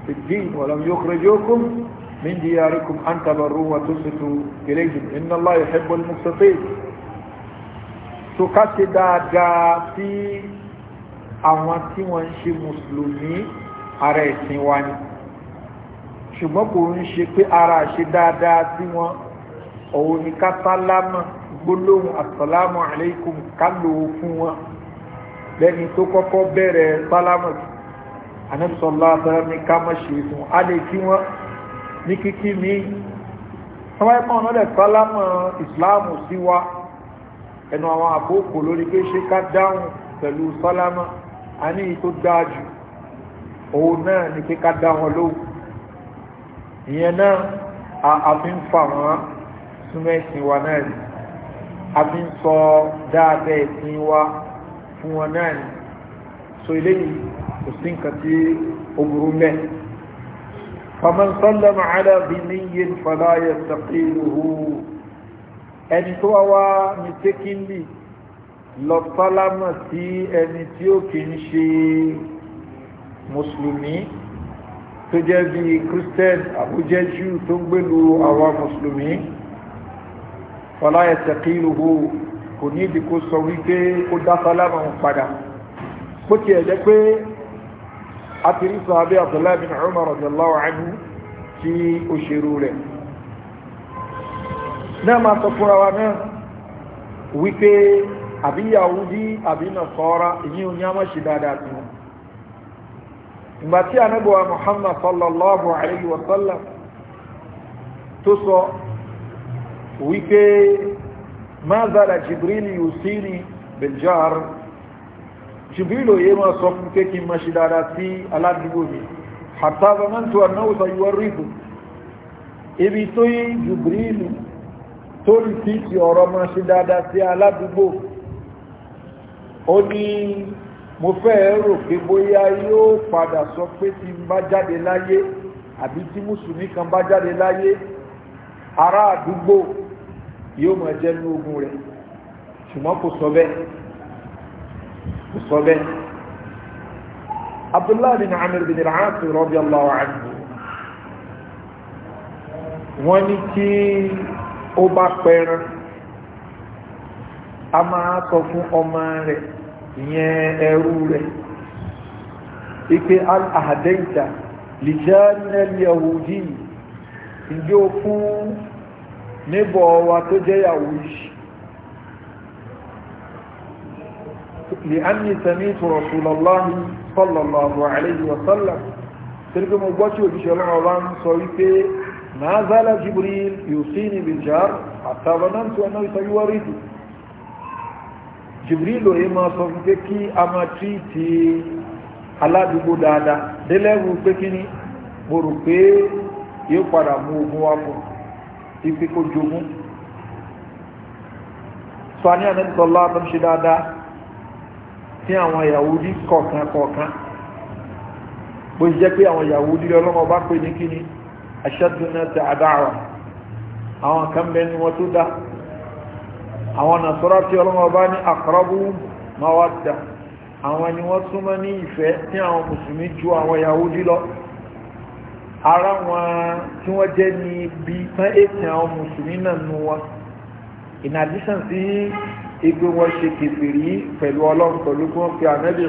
fìdín wọ̀lọ́m yukhrijukum min diyarikum an tabarru wa tusitu ilayhim inna allaha yuhibbul muqsitin so ká ṣe dáadáa sí àwọn tí wọ́n ń ṣe mùsùlùmí ara ẹ̀sìn wa ni ṣùgbọ́n kò ń ṣe pé ara ṣe dáadáa sí wọn òun ni ká sálámà gbólóhùn àsàlámù àlékún ká lò ó fún wọn lẹ́ni tó kọ́kọ́ bẹ̀rẹ̀ sálámù àníṣọ́lá sálámù ní ká má ṣe fún a lè kí wọ́n ní kíkí mi. wọ́n wáyé pọ́n náà lẹ̀ sálámù ìsìláàmù sí wa ẹnu àwọn àkókò lórí pé ṣe ká dáhùn pẹ̀lú sálámà a ní ìtò dáájú òun náà ni pé ká dáhùn lóhùn ìyẹn náà àfi ń fà wọ́n súnmọ́ ẹ̀sìn wa náà ni àfi ń sọ dáadáa ẹ̀sìn wa fún wọn náà ni so eléyìí kò sí nǹkan tí ó burú mẹ́ فمن سلم على بني فلا يستقيله ẹni tó wá wá mistakenly lọ sálámà sí ẹni tí ó kì í ṣe mùsùlùmí tó jẹ́ bí christian àbújẹ́ jew tó ń gbèlú àwa mùsùlùmí fọlá ẹsẹ̀ kí lóhùn kò ní ìdí kó sọ wípé ó dá sálámà padà bó tiẹ̀ jẹ́ pé a ti rí sọ abẹ́ abdullahi bin umar radiyallahu anhu tí ó rẹ̀ náà máa sọ fúnra wa náà wípé àbí yahudi àbí nàfọ́ra ìyí ò ní a máa ṣe dáadáa sí wọn ìgbà tí anábọ̀wá muhammad sallallahu alayhi wa sallam tó sọ wípé máa zala jibril yusini biljar jibril òye máa sọ fún pé kí n máa ṣe dáadáa sí aládùúgbò mi hatta zamantu annahu sayuwarridu ibi tó yí jibril torí tí ti ọ̀rọ̀ máa ṣe dáadáa sí aládùúgbò ó ní mo fẹ́ rò pé bóyá yóò padà sọ pé tí n bá jáde láyé àbí tí mùsùlùmí kan bá jáde láyé ará àdúgbò yóò máa jẹ́ ní ogun rẹ̀ ṣùgbọ́n kò sọ bẹ́ẹ̀ kò sọ bẹ́ẹ̀ abdullahi bin amir bin al-aas radiyallahu anhu wọ́n ní kí ó bá pẹran a máa sọ fún ọmọ rẹ̀ ìyẹn ẹrú rẹ̀ ike al-ahadaita lijanel yahudi ǹjẹ́ o fún níbọ̀ wa tó jẹ́ yahudi lè ánì samitu rasulallahi sallallahu alaihi wasallam tí ó gbọ́ tí òjíṣẹ́ ọlọ́run ọba ń sọ wípé ما زال جبريل يوصيني بالجار حتى ظننت أنه سيورثني jibril ló yẹ máa sọ fún pé kí a máa tírìtì aládùúgbò dáadáa délẹ́wù pé kí ni mo rò pé yóò padà mú ogun wá fún ipe kó jogún sọ ní ànẹ́tọ́lá tó ń ṣe dáadáa tí àwọn Yahudi kọ̀ọ̀kan kọ̀ọ̀kan bó ṣe jẹ́ pé àwọn Yahudi ọlọ́mọ bá pè ní kí ni aṣẹ́dù na ti awon àwọn kan bẹ ní wọ́n tó dá ba nàṣọ́rá tí ọlọ́wọ́ bá ní àkọ́rọ́bù mawadda àwọn ni wọ́n súnmọ́ ní ìfẹ́ tí àwọn ju yahudi lọ ara wọn tí wọ́n jẹ́ ní bí tán èsì àwọn mùsùlùmí náà nù wọn in addition sí wọn ṣe pẹ̀lú ọlọ́run pẹ̀lú kí wọ́n ànábì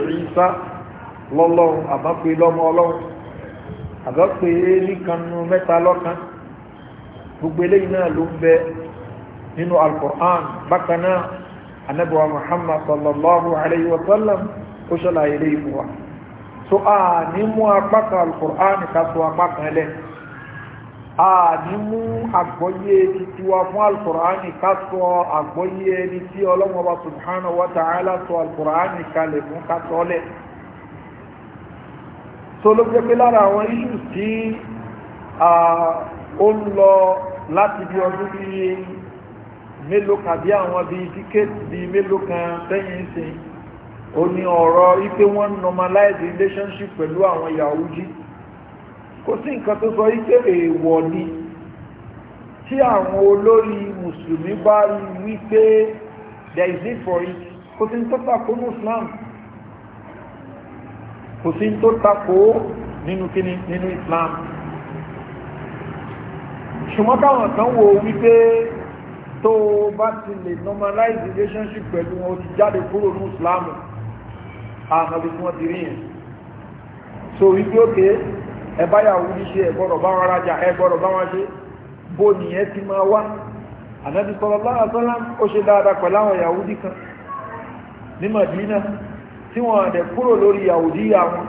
lọ́lọ́run àbọ̀ pé nìkanu mẹ́ta lọ́kan gbogbo eléyìí náà ló ń bẹ nínú alukur'an bákan náà anabiwa muhammad sallallahu alayhi wa sallam ó ṣàlàyé eléyìí fún wa so a ní mú apá kan alukur'an ká so apá kan lẹ a mú àgbọ́yé titiwa fún alukur'an ká so àgbọ́yé ẹni tí ọlọ́mọba subhanahu wa ta'ala so alukur'an kalẹ̀ fún ká so lẹ́ẹ̀ so ló jẹ́ pé lára àwọn iṣu tí ó ń lọ láti bí ọdún bí mélòó kan bí àwọn bí díkẹ́tì bí mélòó kan sẹ́yìn sí ó ní ọ̀rọ̀ wípé wọ́n normalize relationship pẹ̀lú àwọn ìyàwó jí kò sí nǹkan tó sọ wípé èèwọ̀ ni tí àwọn olórí mùsùlùmí bá rí wípé there is need for it kò sí ní tó tako ní islam kò sí tó takò nínú kíni nínú islam ṣùgbọ́n táwọn kan wo wípé tó bá ti lè normalize relationship pẹ̀lú wọn ó ti jáde kúrò ní islam àmọ́ bí wọ́n ti rí yẹn so wípé òkè ẹ báyàwó níṣe ẹ gbọ́dọ̀ bá wọn rajà ẹ gbọ́dọ̀ bá wọn ṣe bó nìyẹn ti máa wá ànábi sọlọ lọ́wọ́ sọ́lá ó ṣe dáadáa pẹ̀lú àwọn yahudi kan ní madina tí wọ́n dẹ̀ kúrò lórí yàwùdíyà wọn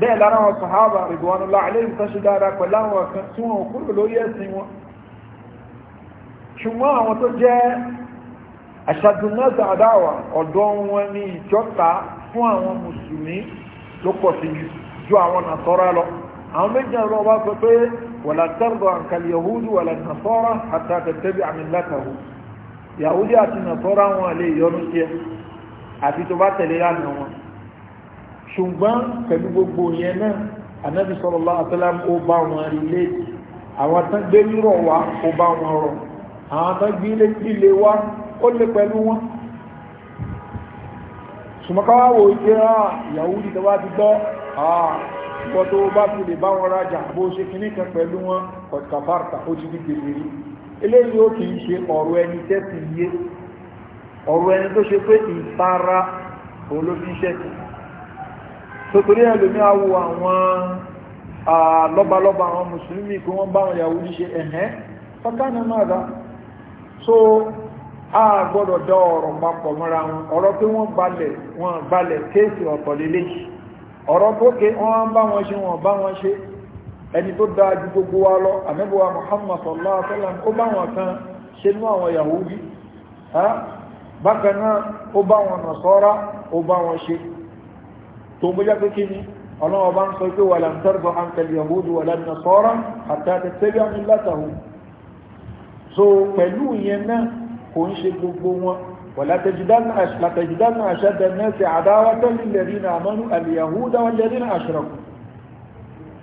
bẹ́ẹ̀ lára wọn sàhábà rìdwanullah alayhim tó ṣe dára pẹ̀lú àwọn kan tí wọ́n kúrò lórí ẹ̀sìn wọn ṣùgbọ́n àwọn tó jẹ́ àṣàdùnmọ́sà àdáwà ọ̀dọ́ wọn ní ìjọta fún àwọn mùsùlùmí ló pọ̀ sí ju àwọn nàṣọ́rá lọ àwọn méjì náà wá sọ pé wàlá tẹ́rọ̀dọ̀ àǹkàlì yahudu wàlá nàṣọ́rá àti àtẹ̀tẹ́bí àmì látàwù yahudi àti nàṣọ́rá wọn lè yọnu sí àti tó bá tẹ̀lé lánàá wọn ṣùgbọ́n pẹ̀lú gbogbo yẹn náà anábì sallallahu alaihi wasallam ó bá wọn rí léèdì àwọn tán gbé rírọ̀ wá ó bá wọn rọ̀ àwọn tán gbé líle wá ó lé pẹ̀lú wọn ṣùmọ́káwá wò ó jẹ́ ah, ìyàwó ní tó ti gbọ́ àpọ̀ ah, tó bá fi lè bá wọn rajà bó ṣe kìíní kan pẹ̀lú wọn kọ̀tàfàrtà ó ti di gbèsè eléyìí ó kìí ṣe ọ̀rọ̀ ẹni tẹ́sì yé ọ̀rọ̀ ẹni tó ṣe pé ìtara olófiṣẹ́ sotori ẹlòmí awo àwọn lọ́balọ́ba àwọn mùsùlùmí kí wọ́n bá wọn yàwó ṣe ẹ̀hẹ́ fọ́tánà náà dá so a gbọ́dọ̀ dá ọ̀rọ̀ papọ̀ mọ́ra wọn ọ̀rọ̀ pé wọ́n gbalẹ̀ wọ́n gbalẹ̀ kéèsì ọ̀tọ̀ lélẹ̀ ọ̀rọ̀ pókè wọ́n bá wọn ṣe wọ́n bá wọn ṣe ẹni tó dáa ju gbogbo wa lọ àmẹ́bọ̀wá muhammad sallallahu sallam ó bá wọn kan ṣe nú àwọn yahudi bákan náà ó bá wọn nà sọ́ra ó bá wọn ṣe tó ń bójá pé kí ni ọlọ́wọ́ bá ń sọ pé wàlá ń tẹ́rù bọ́ àǹtẹ̀lì yahudu wàlá nà sọ́ra àtàtẹ̀ tẹ́lẹ̀ àmì látàwù so pẹ̀lú ìyẹn náà kò ń ṣe gbogbo wọn wàlá tẹ̀jìdánà àṣàdẹ̀ mẹ́sẹ̀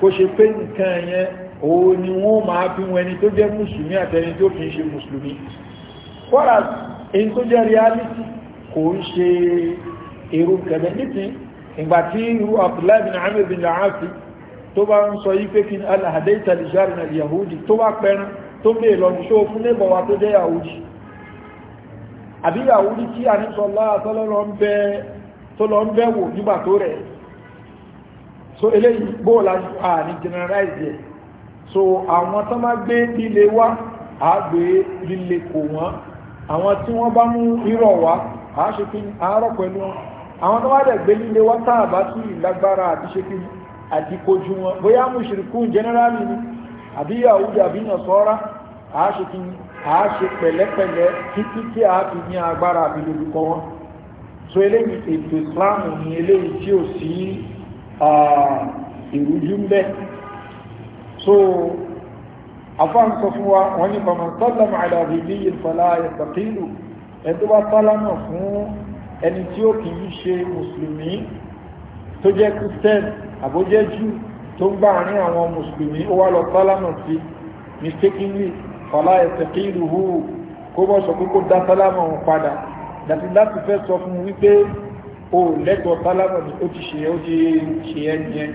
kó ṣe pé nǹkan yẹn òun ni wọ́n máa bí wọn ẹni tó jẹ́ mùsùlùmí àtẹni tó kìí ṣe mùsùlùmí kọ́ra èyí tó jẹ́ reality kò ń ṣe èrò kẹ̀lẹ̀ nítìí ìgbà tí irú abdullahi bin amir bin la'afi tó bá ń sọ yí pé kí alàdé ìtàlìṣàrì na yahudi tó bá pẹran tó mé lọ ní ṣó fún lébọ̀ wa tó jẹ́ yahudi àbí yahudi tí a ní sọ lọ́wọ́ tó lọ ń bẹ́ wò nígbà tó rẹ̀ so eléyìí bóòlá àní generalize yẹ so àwọn tó máa gbé líle wá àgbé líle kò wọ́n àwọn tí wọ́n bá mú irọ́ wá àáṣepin àárọ̀ pẹ̀lú wọn àwọn tó wá dẹ̀ gbé líle wá tààbá sí ìlágbára àti ṣepin àti kojú wọn bóyá mú ṣìrìkú generally ni àbí yahudi àbí nàṣọ́ra àáṣepin àáṣe pẹ̀lẹ́pẹ̀lẹ́ títí tí a fi ní agbára àbí lórúkọ wọn so eléyìí ètò ìsìláàmù ni eléyìí tí ò sí ìrújú ń so afọ́n sọ fún wa wọ́n ní bàmà sọ́lọ́mà àdàbí ní ìfọ̀lá ìsàkílù ẹ̀tọ́ bá sálámà fún ẹni tí ó kì í ṣe mùsùlùmí tó jẹ́ christian àbójẹ́jù tó ń gbà ní àwọn mùsùlùmí ó wá lọ sálámà sí mistakenly fọ̀lá ìsàkílù hù kó bọ́ sọ pé kó dá sálámà wọn padà dàtí láti fẹ́ sọ fún wípé o lẹ́tọ̀ sálámà ni ó ti ṣe ó ti ṣe ẹ́ ní ẹ́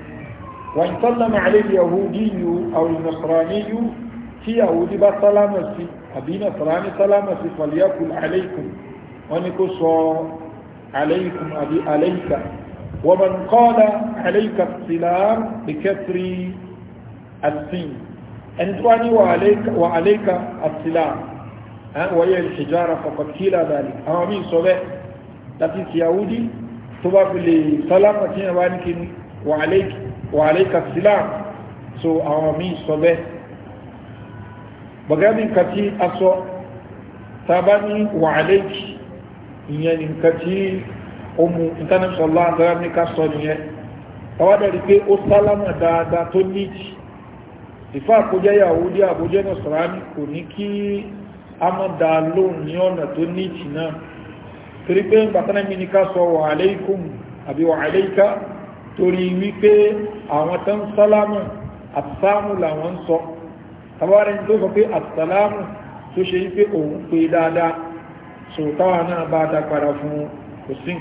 wọ́n sálámà alẹ́ yahudi yu àwọn nasarani yu tí yahudi bá sálámà sí àbí nasarani sálámà sí faliyakun aleikum wọ́n ni kó sọ aleikum àbí aleika wọ́n man kọ́lá aleika silam bikẹ́tiri yahudi tó bá fi lè sálámà tí yẹn bá ní kí ni wà aléìkà sílám so àwọn míì sọ bẹ́ẹ̀ bọ̀gádì nǹkan tí a sọ tá a bá ní wà aléìkì ìyẹn nǹkan tí ó mu ìtànẹ́sọ̀lá àdára ní ká sọ nìyẹn tàwa dẹ̀ rí pé ó sálámà dáadáa tó níjì ìfá àkójẹ́ yàwó dí àbójẹ́ náà sọ̀rọ̀ ní kò ní kí a mọ̀ dáa lóhùn ní ọ̀nà tó níjì náà torí pé gbàtánà mi ní ká sọ wà aléìkùn àbí wà aléìká torí wípé àwọn tán sálámù àtsáàmù làwọn sọ tàbárin tó sọ pé àtsáàmù tó ṣe wípé òun pé dáadáa so náà bá dá padà fún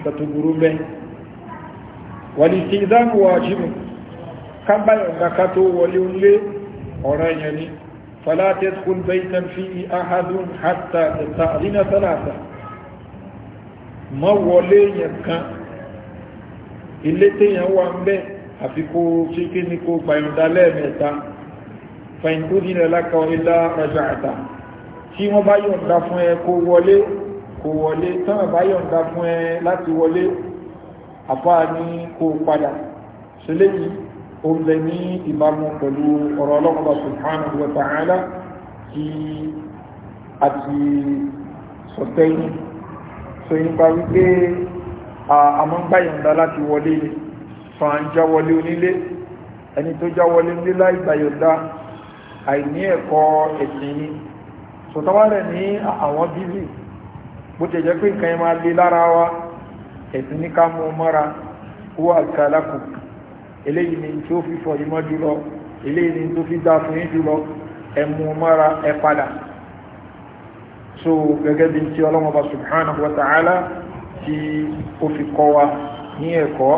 kò sí burú bẹ́ẹ̀ wàlì sí wà فلا تدخل بيتا فيه أحد حتى تستأذن ثلاثة mọ́ wọlé èèyàn kan ilé téèyàn wà ń bẹ́ àfi kó ṣe ni kó gbàyànjá lẹ́ẹ̀mẹ́ta fẹ̀yìn tó nílẹ̀ lákàá ilá ọjà àtà tí wọ́n bá yọ̀ǹda fún ẹ kó wọlé kó wọlé tọ́nà bá yọ̀ǹda fún ẹ láti wọlé àfáà ní kó padà ṣẹlẹ́ yìí ní ìbámu pẹ̀lú ọ̀rọ̀ ọlọ́pàá subhanahu wa ta'ala tí a ti sọ̀tẹ́yìn sọ nípa wípé àmọ́ ń gbàyọ̀ǹda láti wọlé ni fàn jáwọlé onílé ẹni tó jáwọlé onílé láì àìní ẹ̀kọ́ ẹ̀sìn ni sọ̀tọ́wárẹ̀ ní àwọn bíbí bó ti jẹ́ pé nǹkan máa lé lára wa ẹ̀sìn ní ká mú mọ́ra owó àkàlákù eléyìí ni tí ó fi fọ̀ yín mọ́ jùlọ eléyìí ni tó fi dá fún yín jùlọ ẹ̀mú mọ́ra ẹ̀ padà so gẹ́gẹ́ bí tí ọlọ́mọba subhanahu wa ta'ala tí ó fi kọ́ wa ní ẹ̀kọ́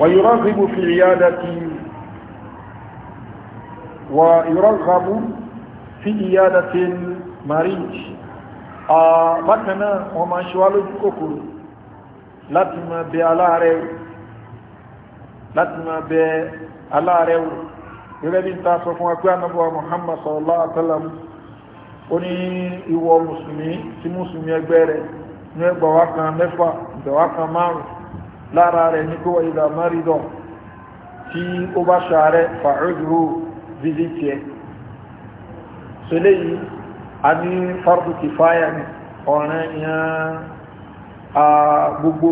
ويرغب في عيادة ويرغب في عيادة المريض bákan náà wọ́n máa ṣe wá lójú kòkòrò láti máa bẹ aláàrẹ̀ láti gẹ́gẹ́ bí ta sọ fún wa anábọ̀ Muhammad sallallahu alaihi wa ó ní ìwọ mùsùlùmí tí mùsùlùmí ẹgbẹ́ rẹ̀ ní ẹgbà wá kan mẹ́fà ìgbà wá kan márùn lára rẹ̀ ní kó ìdá márìdọ̀ tí ó bá ṣàárẹ̀ fàáìdúró fíìsìtì ẹ̀ a ní fardu kìfáyà ní ìyàn gbogbo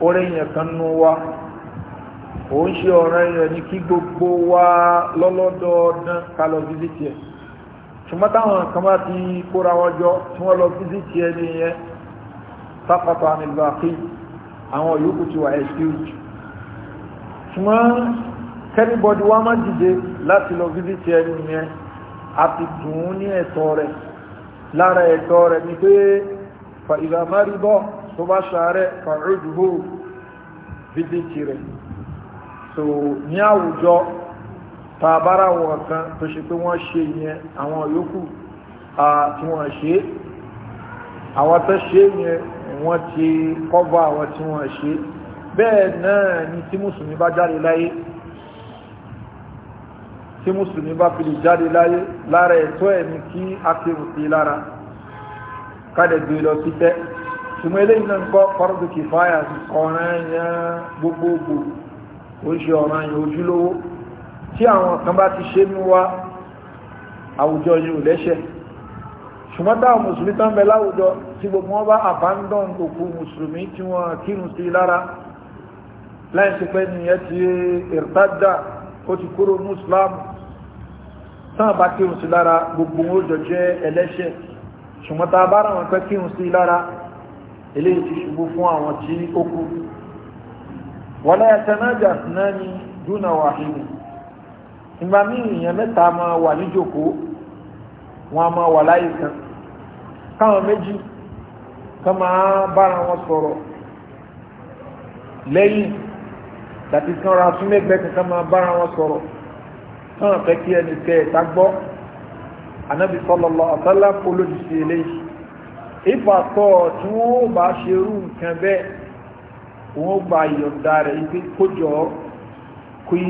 kò ní kan ó kan nú ó ń ṣe ọ̀ràn yẹn ní kí gbogbo wa lọ́lọ́dọọdún ká lọ fíìsìtì ẹ̀ ṣùgbọ́n táwọn kan bá ti kóra wọn jọ tí wọ́n lọ fíìsìtì ẹ̀ nìyẹn sápàtà àmìlú àfi àwọn yòókù ti wà excuse ṣùgbọ́n kẹ́nìbọ̀dì wa máa dìde láti lọ fíìsìtì ẹ̀ nìyẹn a ti dùn ún ní ẹ̀tọ́ rẹ̀ lára ẹ̀tọ́ rẹ̀ ni pé fa ìgbà márìbọ̀ tó bá ṣàárẹ̀ fa ìdúhó fíìsìtì rẹ̀ so ní àwùjọ ta bára wọn kan tó ṣe pé wọ́n ṣe yẹn àwọn yòókù tí wọ́n ṣe àwọn tó ṣe yẹn wọ́n ti kọ́bọ̀ àwọn tí wọ́n ṣe bẹ́ẹ̀ náà ni tí mùsùlùmí bá jáde láyé tí mùsùlùmí bá fi lè jáde láyé lára ẹ̀tọ́ ẹ̀ ní kí a ti rù sí lára kádẹ̀ gbé lọ sí tẹ́ ṣùgbọ́n eléyìí náà ń kọ́ fọ́rọ́dù kìfáyà ọ̀ràn ẹ̀yàn gbogbogbò ó ṣe ọ̀ràn yìí ojúlówó tí àwọn kan bá ti ṣe ní wá àwùjọ yìí ò lẹ́ṣẹ̀ ṣùgbọ́n táwọn mùsùlùmí tán bẹ láwùjọ tí gbogbo wọn bá abandon òkú mùsùlùmí tí wọ́n kírun sí lára láì sí pé nìyẹn ti irtada ó ti kúrò mùsùlùmí tán bá kírun sí lára gbogbo wọn ó jọ jẹ́ ẹlẹ́ṣẹ̀ ṣùgbọ́n tá a bá ra wọn pẹ́ kírun sí lára eléyìí ti ṣubú fún àwọn tí ó kú wọ́n náà tẹ́nájà náà ní dúnà wàhíìnì ìgbà míì èèyàn mẹ́ta máa wà níjòkóó wọn a máa wà láyé kan káwọn méjì kan máa bára wọn sọ̀rọ̀ lẹ́yìn tàbí kan ra súnmẹ́gbẹ́ kankan máa bára wọn sọ̀rọ̀ káwọn fẹ́ kí ẹnì kẹta gbọ́ anabi sọlọlọ ọ̀sálà polódìsí eléyìí ìfàtọ̀ tí wọ́n bá ṣerú nǹkan bẹ́ẹ̀ wọ́n gba ìyọ̀ǹda rẹ̀ ipe kójọ kí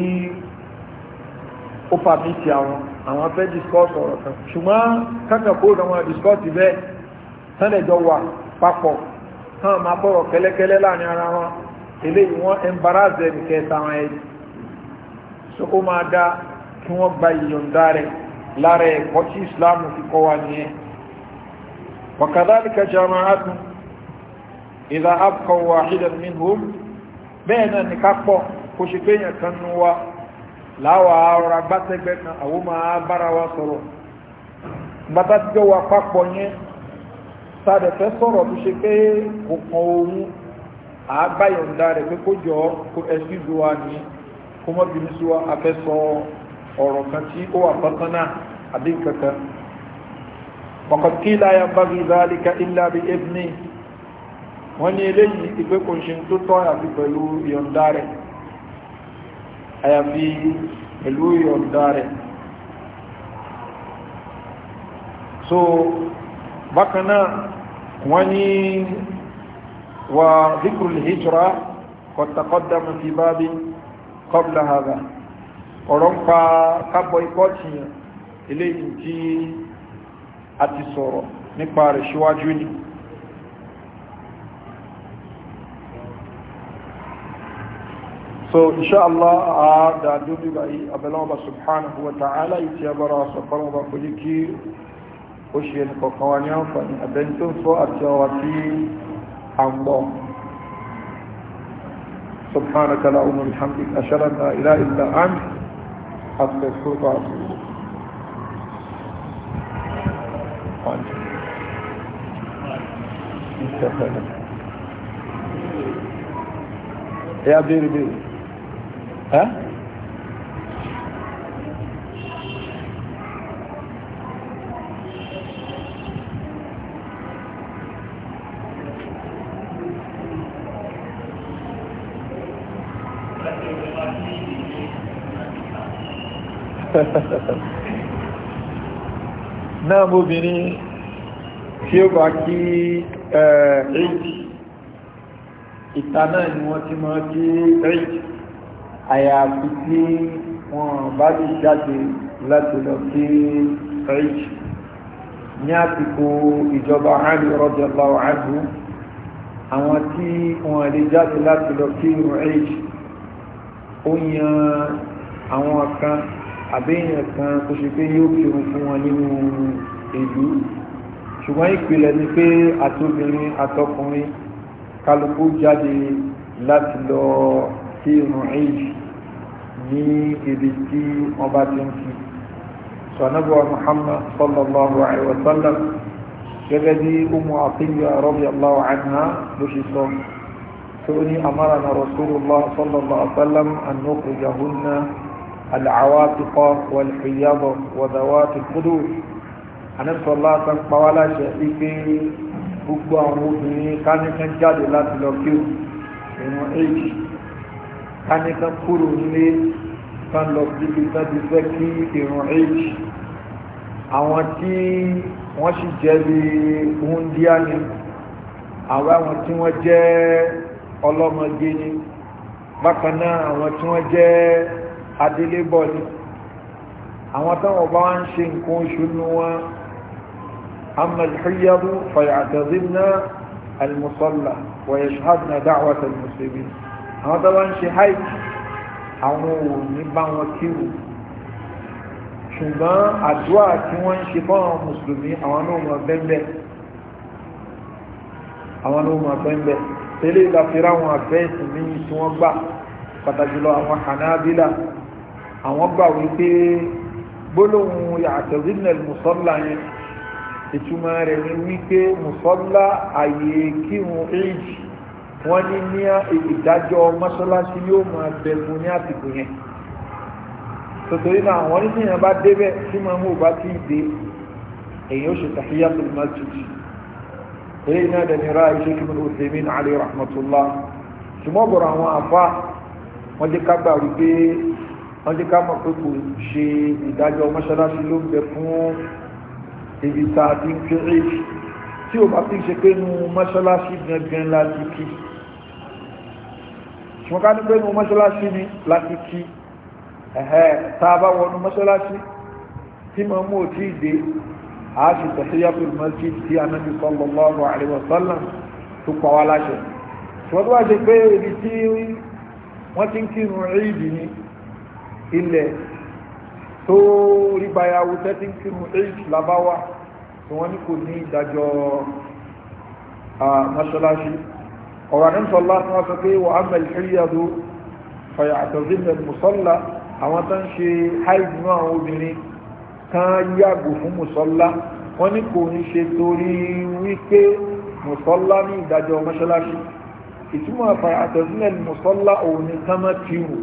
ó fàmì ti àwọn àwọn afẹ́ discuss ọ̀rọ̀ kan ṣùgbọ́n kankan kó lọ́wọ́ discuss ibẹ̀ sánẹ̀jọ́ wà papọ̀ kan máa bọ̀rọ̀ kẹ́lẹ́kẹ́lẹ́ láàrin ara wọn eléyìí wọ́n embarrass ẹnì kẹta wọn ẹni so ó máa dá kí wọ́n gba ìyọ̀ǹda rẹ̀ lára ẹ̀kọ́ tí Islam fi kọ́ wa ìdá abkọwà ìdá minhum bẹ́ẹ̀ náà ní kápọ̀ kò ṣe pé èèyàn kan nú wa láwà ara gbátẹ́gbẹ́ kan àwọn máa bára wa sọ̀rọ̀ bàtà tí ó wà papọ̀ yẹn sáàdẹ̀ fẹ́ sọ̀rọ̀ tó ṣe pé kò kan ohun àbáyọ̀ǹda rẹ̀ pé kó jọ kó ẹ̀sìnkú wa ní kó mọ́ bínú sí wa afẹ́ sọ ọ̀rọ̀ kan tí ó wà pátán náà àbí kankan. وقد قيل ينبغي ذلك إلا بإذنه wọ́n ní eléyìí ìpé kò ṣe tó tọ́ àfi pẹ̀lú ìyọ̀ǹda rẹ̀ àyàfi pẹ̀lú ìyọ̀ǹda rẹ̀ so bákanáà wọ́n ní wà zikrul hijra qad taqaddama fi babin qabla hadha ọ̀rọ̀ ń pa kábọ̀ ikọ́ tìyàn eléyìí tí a ti sọ̀rọ̀ nípa rẹ̀ síwájú ni. so inshallah a da dubi ba yi subhanahu wa ta'ala iti the bara sọ̀kọ́rọ̀ ba kò ní kí ó ṣe ní kọ̀kan wa ní àǹfààní àbẹ́ni tó sọ àti ọwà tí a ń gbọ́ سبحانك لا أمر بحمدك أشهد أن لا إله إلا أنت أستغفرك وأتوب إليك يا بيري بيري náà mo bìnrin tí ó bá kí ẹ̀ẹ́dì ìta náà ni wọ́n ti mọ́ àyàfi tí wọ́n bá lè jáde láti lọ sí ríj ní àsìkò ìjọba Ali radiyallahu anhu àwọn tí wọ́n lè jáde láti lọ sí ríj ó yan àwọn kan àbẹ́yìn kan tó ṣe pé yóò kírun fún wọn nínú ìlú ṣùgbọ́n ìpìlẹ̀ ni pé àtòbìnrin àtọkùnrin kálukú jáde láti lọ sí ìrùn ní ibi tí wọ́n bá ti ń fi sọ̀nàbọ̀ muhammad sallallahu alaihi wa sallam gẹ́gẹ́ bí umu atiyya radiyallahu anha ló ṣe sọ tó ní amarana rasulullah sallallahu alaihi wa sallam an nukhrijahunna العواتق والحيض وذوات القدور anẹ́sọ̀ lásán pàwà láṣẹ ike gbogbo àwọn obìnrin káníkan jáde láti lọ kí o a ní kan kúrò nílé kan lọ síbi tán ti fẹ́ kí ìrùn èjì àwọn tí wọ́n sì jẹ́ bí oúnjẹ ni àwọn àwọn tí wọ́n jẹ́ ọlọ́mọge ni bákan náà àwọn tí wọ́n jẹ́ adélébọ̀ ni àwọn táwọn bá ń ṣe nǹkan oṣù nu wọn أما الحيض فيعتذرن المصلى ويشهدن دعوة المسلمين àwọn tó bá ń ṣe hajj àwọn ò ní bá wọn kírù ṣùgbọ́n àdúrà tí wọ́n ń ṣe fọ́nà mùsùlùmí àwọn náà mọ̀ bẹ́ẹ̀ àwọn náà mọ̀ bẹ́ẹ̀ tẹ́lẹ̀ ìgbàfẹ́ra àwọn àfẹ́ẹ̀sì ní tí wọ́n gbà pàtàkì lọ àwọn hanabila àwọn gbà wípé gbólóhùn yàtọ̀zínà mùsọ́lá yẹn ìtumọ̀ rẹ̀ ni wípé mùsọ́lá àyè kírun éèjì wọ́n ní ní ìdájọ́ mọ́ṣáláṣí yóò máa bẹ fún ní àsìkò yẹn tòtòrí náà wọ́n ní tíyàn bá débẹ̀ tí màá mú bá tí ì dé èyàn ó ṣe tàhíyá tó máa tutù eré iná dẹni ra iṣẹ́ kí mo ṣe mí nàálẹ́ rahmatullah ṣùgbọ́n bọ̀rọ̀ àwọn àfa wọ́n jẹ́ ká gbà wípé wọ́n jẹ́ ká mọ̀ pé kò ṣe ìdájọ́ mọ́ṣáláṣí ló ń bẹ fún ibi tá a ti ń kéré tí ó bá fi ṣe pé nu mọ́ṣáláṣí gangan láti kí ṣùgbọ́n ká ní pé nu mọ́ṣáláṣí ni láti kí ẹ̀hẹ́ tá a bá wọnú mọ́ṣáláṣí tí mo mú òtí ìdè àáṣì tẹ̀síyàtò masjid tí anábì sallallahu alaihi wasallam tó pa wá láṣẹ ṣùgbọ́n tó bá ṣe pé ibi tí wọ́n ní kò ní ìdájọ́ mọ́ṣáláṣí ọ̀rọ̀ àdínsọ láti wọ́n sọ pé wọ́n á mẹ́lì ṣíríyàdó fàyàtọ̀zílẹ̀ mùsọ́lá àwọn tó ń ṣe haid náà àwọn obìnrin kan yàgò fún mùsọ́lá wọ́n ní kò ní ṣe torí wípé mùsọ́lá ní ìdájọ́ mọ́ṣáláṣí ìtumọ̀ fàyàtọ̀zílẹ̀ mùsọ́lá òun ni kán mọ́ kírun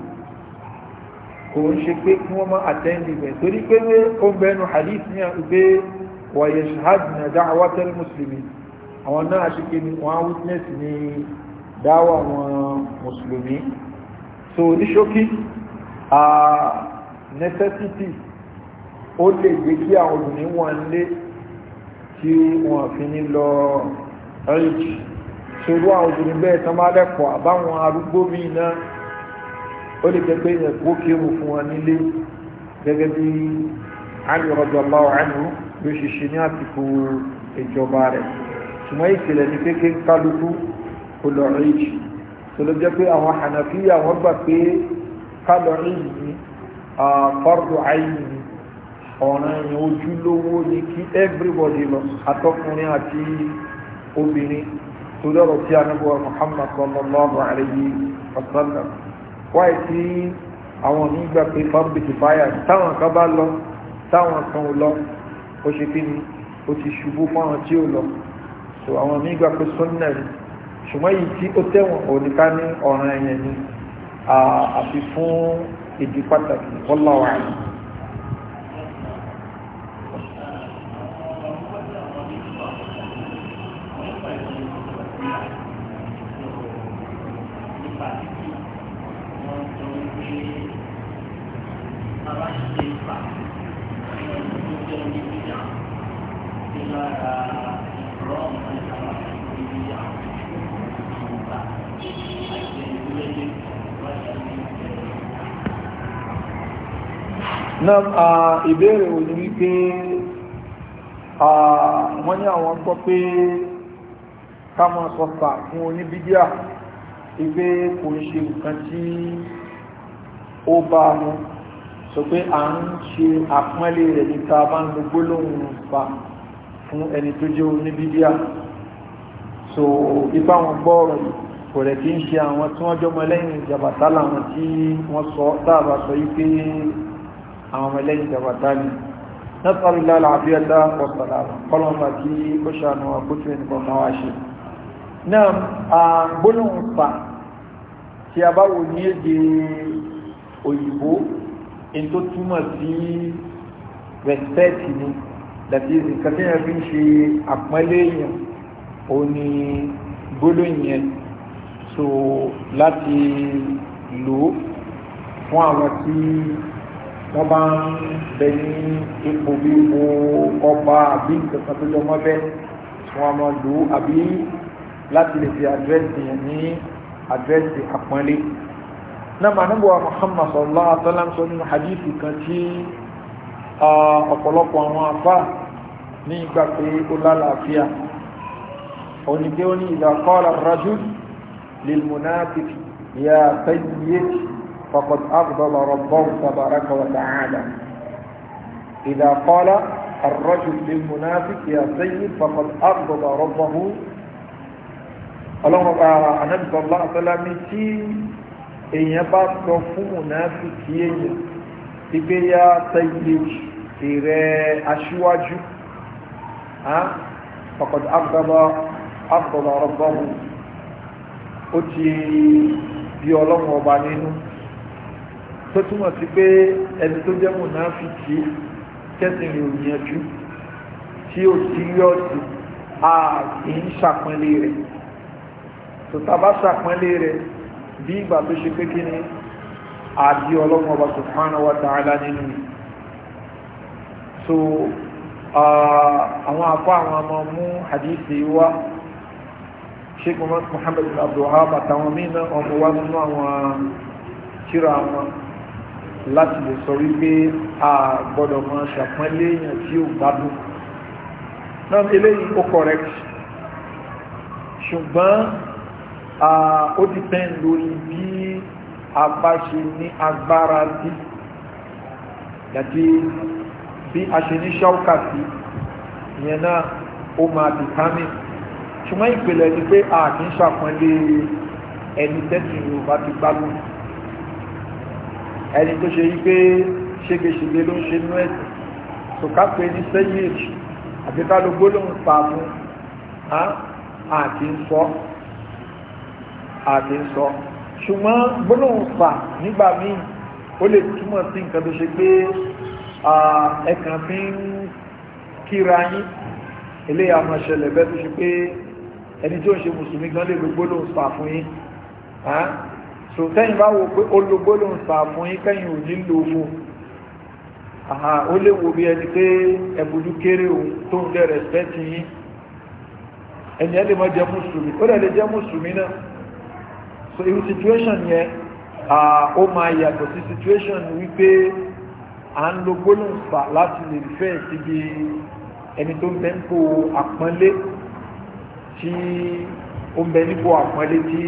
kò ń ṣe pé kí wọ́n mọ́ àtẹ́ndì bẹ̀ torí pé ó ń bẹnu hadith ويشهدن دعوة المسلمين أو أنا أشكين وأوتنسني دعوة مسلمين so ní ṣókí a necessity ó lè gbé kí àwọn olùníwọ̀n ń lé tí wọ́n fi ní lọ ríjì ṣòro àwọn obìnrin bẹ́ẹ̀ tán bá lẹ́kọ̀ọ́ àbáwọn arúgbó míì náà ó lè jẹ́ pé ẹ̀kọ́ kírun fún wọn nílé gẹ́gẹ́ bí alì rọ́jọ́ bá wà nínú bí ó ṣe ṣe ní àsìkò ìjọba rẹ̀ ṣùgbọ́n ìpìlẹ̀ ní kéèké kálukú olóríjì tó ló jẹ́ pé àwọn hànàfíyà wọ́n gbà pé kálọ̀rí ní fọ́rọ̀dù àìní ni ọ̀ràn èèyàn ojúlówó ni kí everybody lọ atọ́kùnrin àti obìnrin tó lọ́rọ̀ tí a níbo Muhammad sallallahu alayhi wa sallam wáyé tí àwọn onígbà pé fọ́rọ̀dù kìfáyà táwọn kan bá lọ táwọn kan ò lọ ó ṣe kí ni ó ti ṣubú fáwọn tí ó lọ so àwọn míì gbà pé sunna ni ṣùgbọ́n yìí tí ó tẹ̀wọ̀n òníká ní ọ̀ràn ẹ̀yẹn ni àfi fún ìdí pàtàkì wallahu a'lam náà ìbéèrè òní wípé wọ́n ní àwọn gbọ́ pé kámọ́ sọ́fà fún oníbídíà ìgbé kò ń ṣe nǹkan tí ó bá mú sọ pé à ń ṣe àpọ́nlé rẹ̀ níta bá ń lo gbólóhùn fa fún ẹni tó jẹ́ oníbídíà so ipá wọn gbọ́ ọ̀rọ̀ yìí kò rẹ̀ kí ń ṣe àwọn tí wọ́n jọmọ lẹ́yìn ìjàbàtà làwọn tí wọ́n sọ táàbà sọ yìí àwọn ọmọ ẹlẹ́yìn ìjọba ní nẹ́sàrí lálà àbíọ́dá pọ̀sàlá kọlọ́mà kí ó ṣàánú àkótó ẹnìkan máa wá ṣe náà àgbónúhùn pa tí a bá wò ní èdè òyìnbó in tó túmọ̀ sí respect ni dàbí nǹkan tí wọ́n fi ń so láti lò ó fún àwọn tí wọ́n bá ń bẹ ní ipò bí ipò ọba àbí nǹkan tó jọ mọ́ bẹ́ẹ̀ wọn mọ̀ lò ó àbí láti lè fi àdírẹ́sì yẹn ní àdírẹ́sì àpọ́nlé náà mànúbọ̀ Muhammad sallallahu alaihi wasallam sọ nínú hadithi kan tí ọ̀pọ̀lọpọ̀ àwọn afá ní ìgbà pé ó lálàáfíà òní pé ó ní idha qala ar-rajul lil munafiki فقد أغضب ربه تبارك وتعالى إذا قال الرجل للمنافق يا سيد فقد أغضب ربه ọlọ́run bá anábì sọ́lá àtọ́lámi tí èèyàn bá sọ fún mùnáfíkì èèyàn pípé yá tẹ́yẹ̀jì èrè aṣíwájú ọkọ̀dọ̀ àbùdọ̀bà ọ̀rọ̀bọ̀hù ó ti bí ọlọ́run ọba nínú tó túmọ̀ sí pé ẹni tó jẹ́ mùnáfíkì tẹ́sìn rẹ̀ òyìnjú tí ó síríọ́sì a kì í ṣàpọ́nlé rẹ̀ tó tàbá ṣàpọ́nlé rẹ̀ bí ìgbà tó ṣe pé kí ni àbí ọlọ́run ọba subhanahu wa ta'ala nínú so àwọn afọ àwọn ọmọ mú hadithi wa sheikh muhammad abdulhab àtàwọn míì náà ọmọ wa nínú àwọn tíra wọn láti lè sọ wípé a gbọ́dọ̀ mọ́ ṣàpọ́nlé èèyàn tí ó gbádùn náà eléyìí ó correct ṣùgbọ́n ó depend lórí bí a bá ṣe ní agbára sí yàtí bí a ṣe ní ṣáùkà sí ìyẹn náà ó máa dìtámì ṣùgbọ́n ìpìlẹ̀ ni pé a kì í ṣàpọ́nlé ẹni tẹ́sí yorùbá ti gbádùn ẹni tó ṣe yí pé ṣégeṣègbè ló ń ṣe nú ẹ̀sìn sòkápẹ́ ní sẹ́yìnjì àti káàdó gbólóhùn pa fún àti ń sọ àti ń sọ ṣùgbọ́n gbólóhùn pa nígbà míì ó lè túmọ̀ sí nǹkan tó ṣe pé ẹ̀kan fi ń kíra yín eléyà máa ṣẹlẹ̀ bẹ́ẹ̀ tó ṣe pé ẹni tí ó ń ṣe mùsùlùmí gan lè lo gbólóhùn pa fún yín so tẹ́yìn bá wo pé olùgbólóhùn sàmú yín kẹ́yìn ò nílò owó ó lè wo bí ẹni pé ẹ̀bùdú kéré òun tó ń dẹ̀ rẹ̀spẹ́tì yín ẹni ẹlẹ́ mọ́ jẹ́ mùsùlùmí ó dẹ̀ lè jẹ́ mùsùlùmí náà so irú situation yẹn ó máa yàtọ̀ sí situation wípé à ń lo gbólóhùn sà láti lè fẹ́ síbi ẹni tó ń bẹ àpọ́nlé tí ó ń bẹ nípo àpọ́nlé tí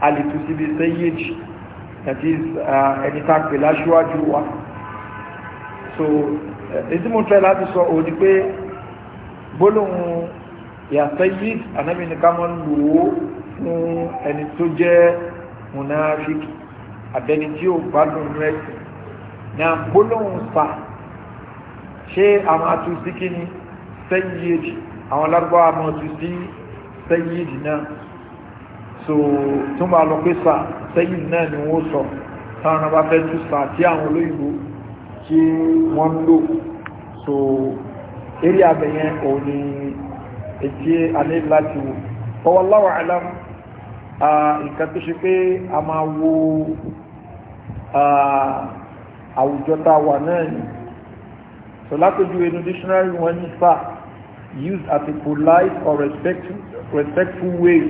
a lè tún síbi that is uh, ẹni tá pè láṣíwájú wa so eh, èdè mo fẹ́ láti sọ òun ni pé gbólóhùn yàtẹ́yí ànábì ní ká máa ń lò ó fún ẹni tó jẹ́ munafiki àbẹni tí ó gbádùn rẹ̀ ní à ń gbólóhùn sà ṣé àwọn atúnṣí kí ni sẹ́yẹ́jì àwọn lárúbáwá máa tún sí sẹ́yẹ́jì náà so tó máa lọ pé sà sẹ́yìn náà ni wọ́n sọ táwọn ọba fẹ́ tú sà tí àwọn olóyìnbó tí wọ́n ń lò so eré abẹ̀yẹn òun ni etí alẹ́ láti wò ọwọ́ láwọ̀ alam nǹkan tó ṣe pé a máa wo àwùjọ tá a wà náà ni so látòjú inú dictionary wọn ní sà used as a polite or respectful, respectful way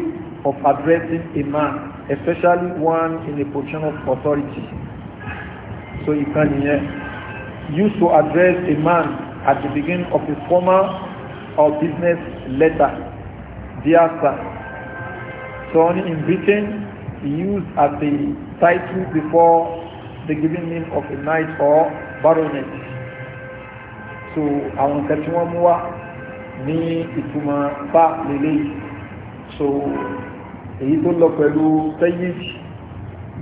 of addressing a man, especially one in a position of authority. So you can hear, used to address a man at the beginning of a formal or business letter, dear sir. So only in Britain, used as the title before the given name of a knight or baronet. So àwọn nǹkan tí wọ́n mú wá ní ìtumọ̀ bá lélẹ́yìí. So èyí tó lọ pẹ̀lú sayid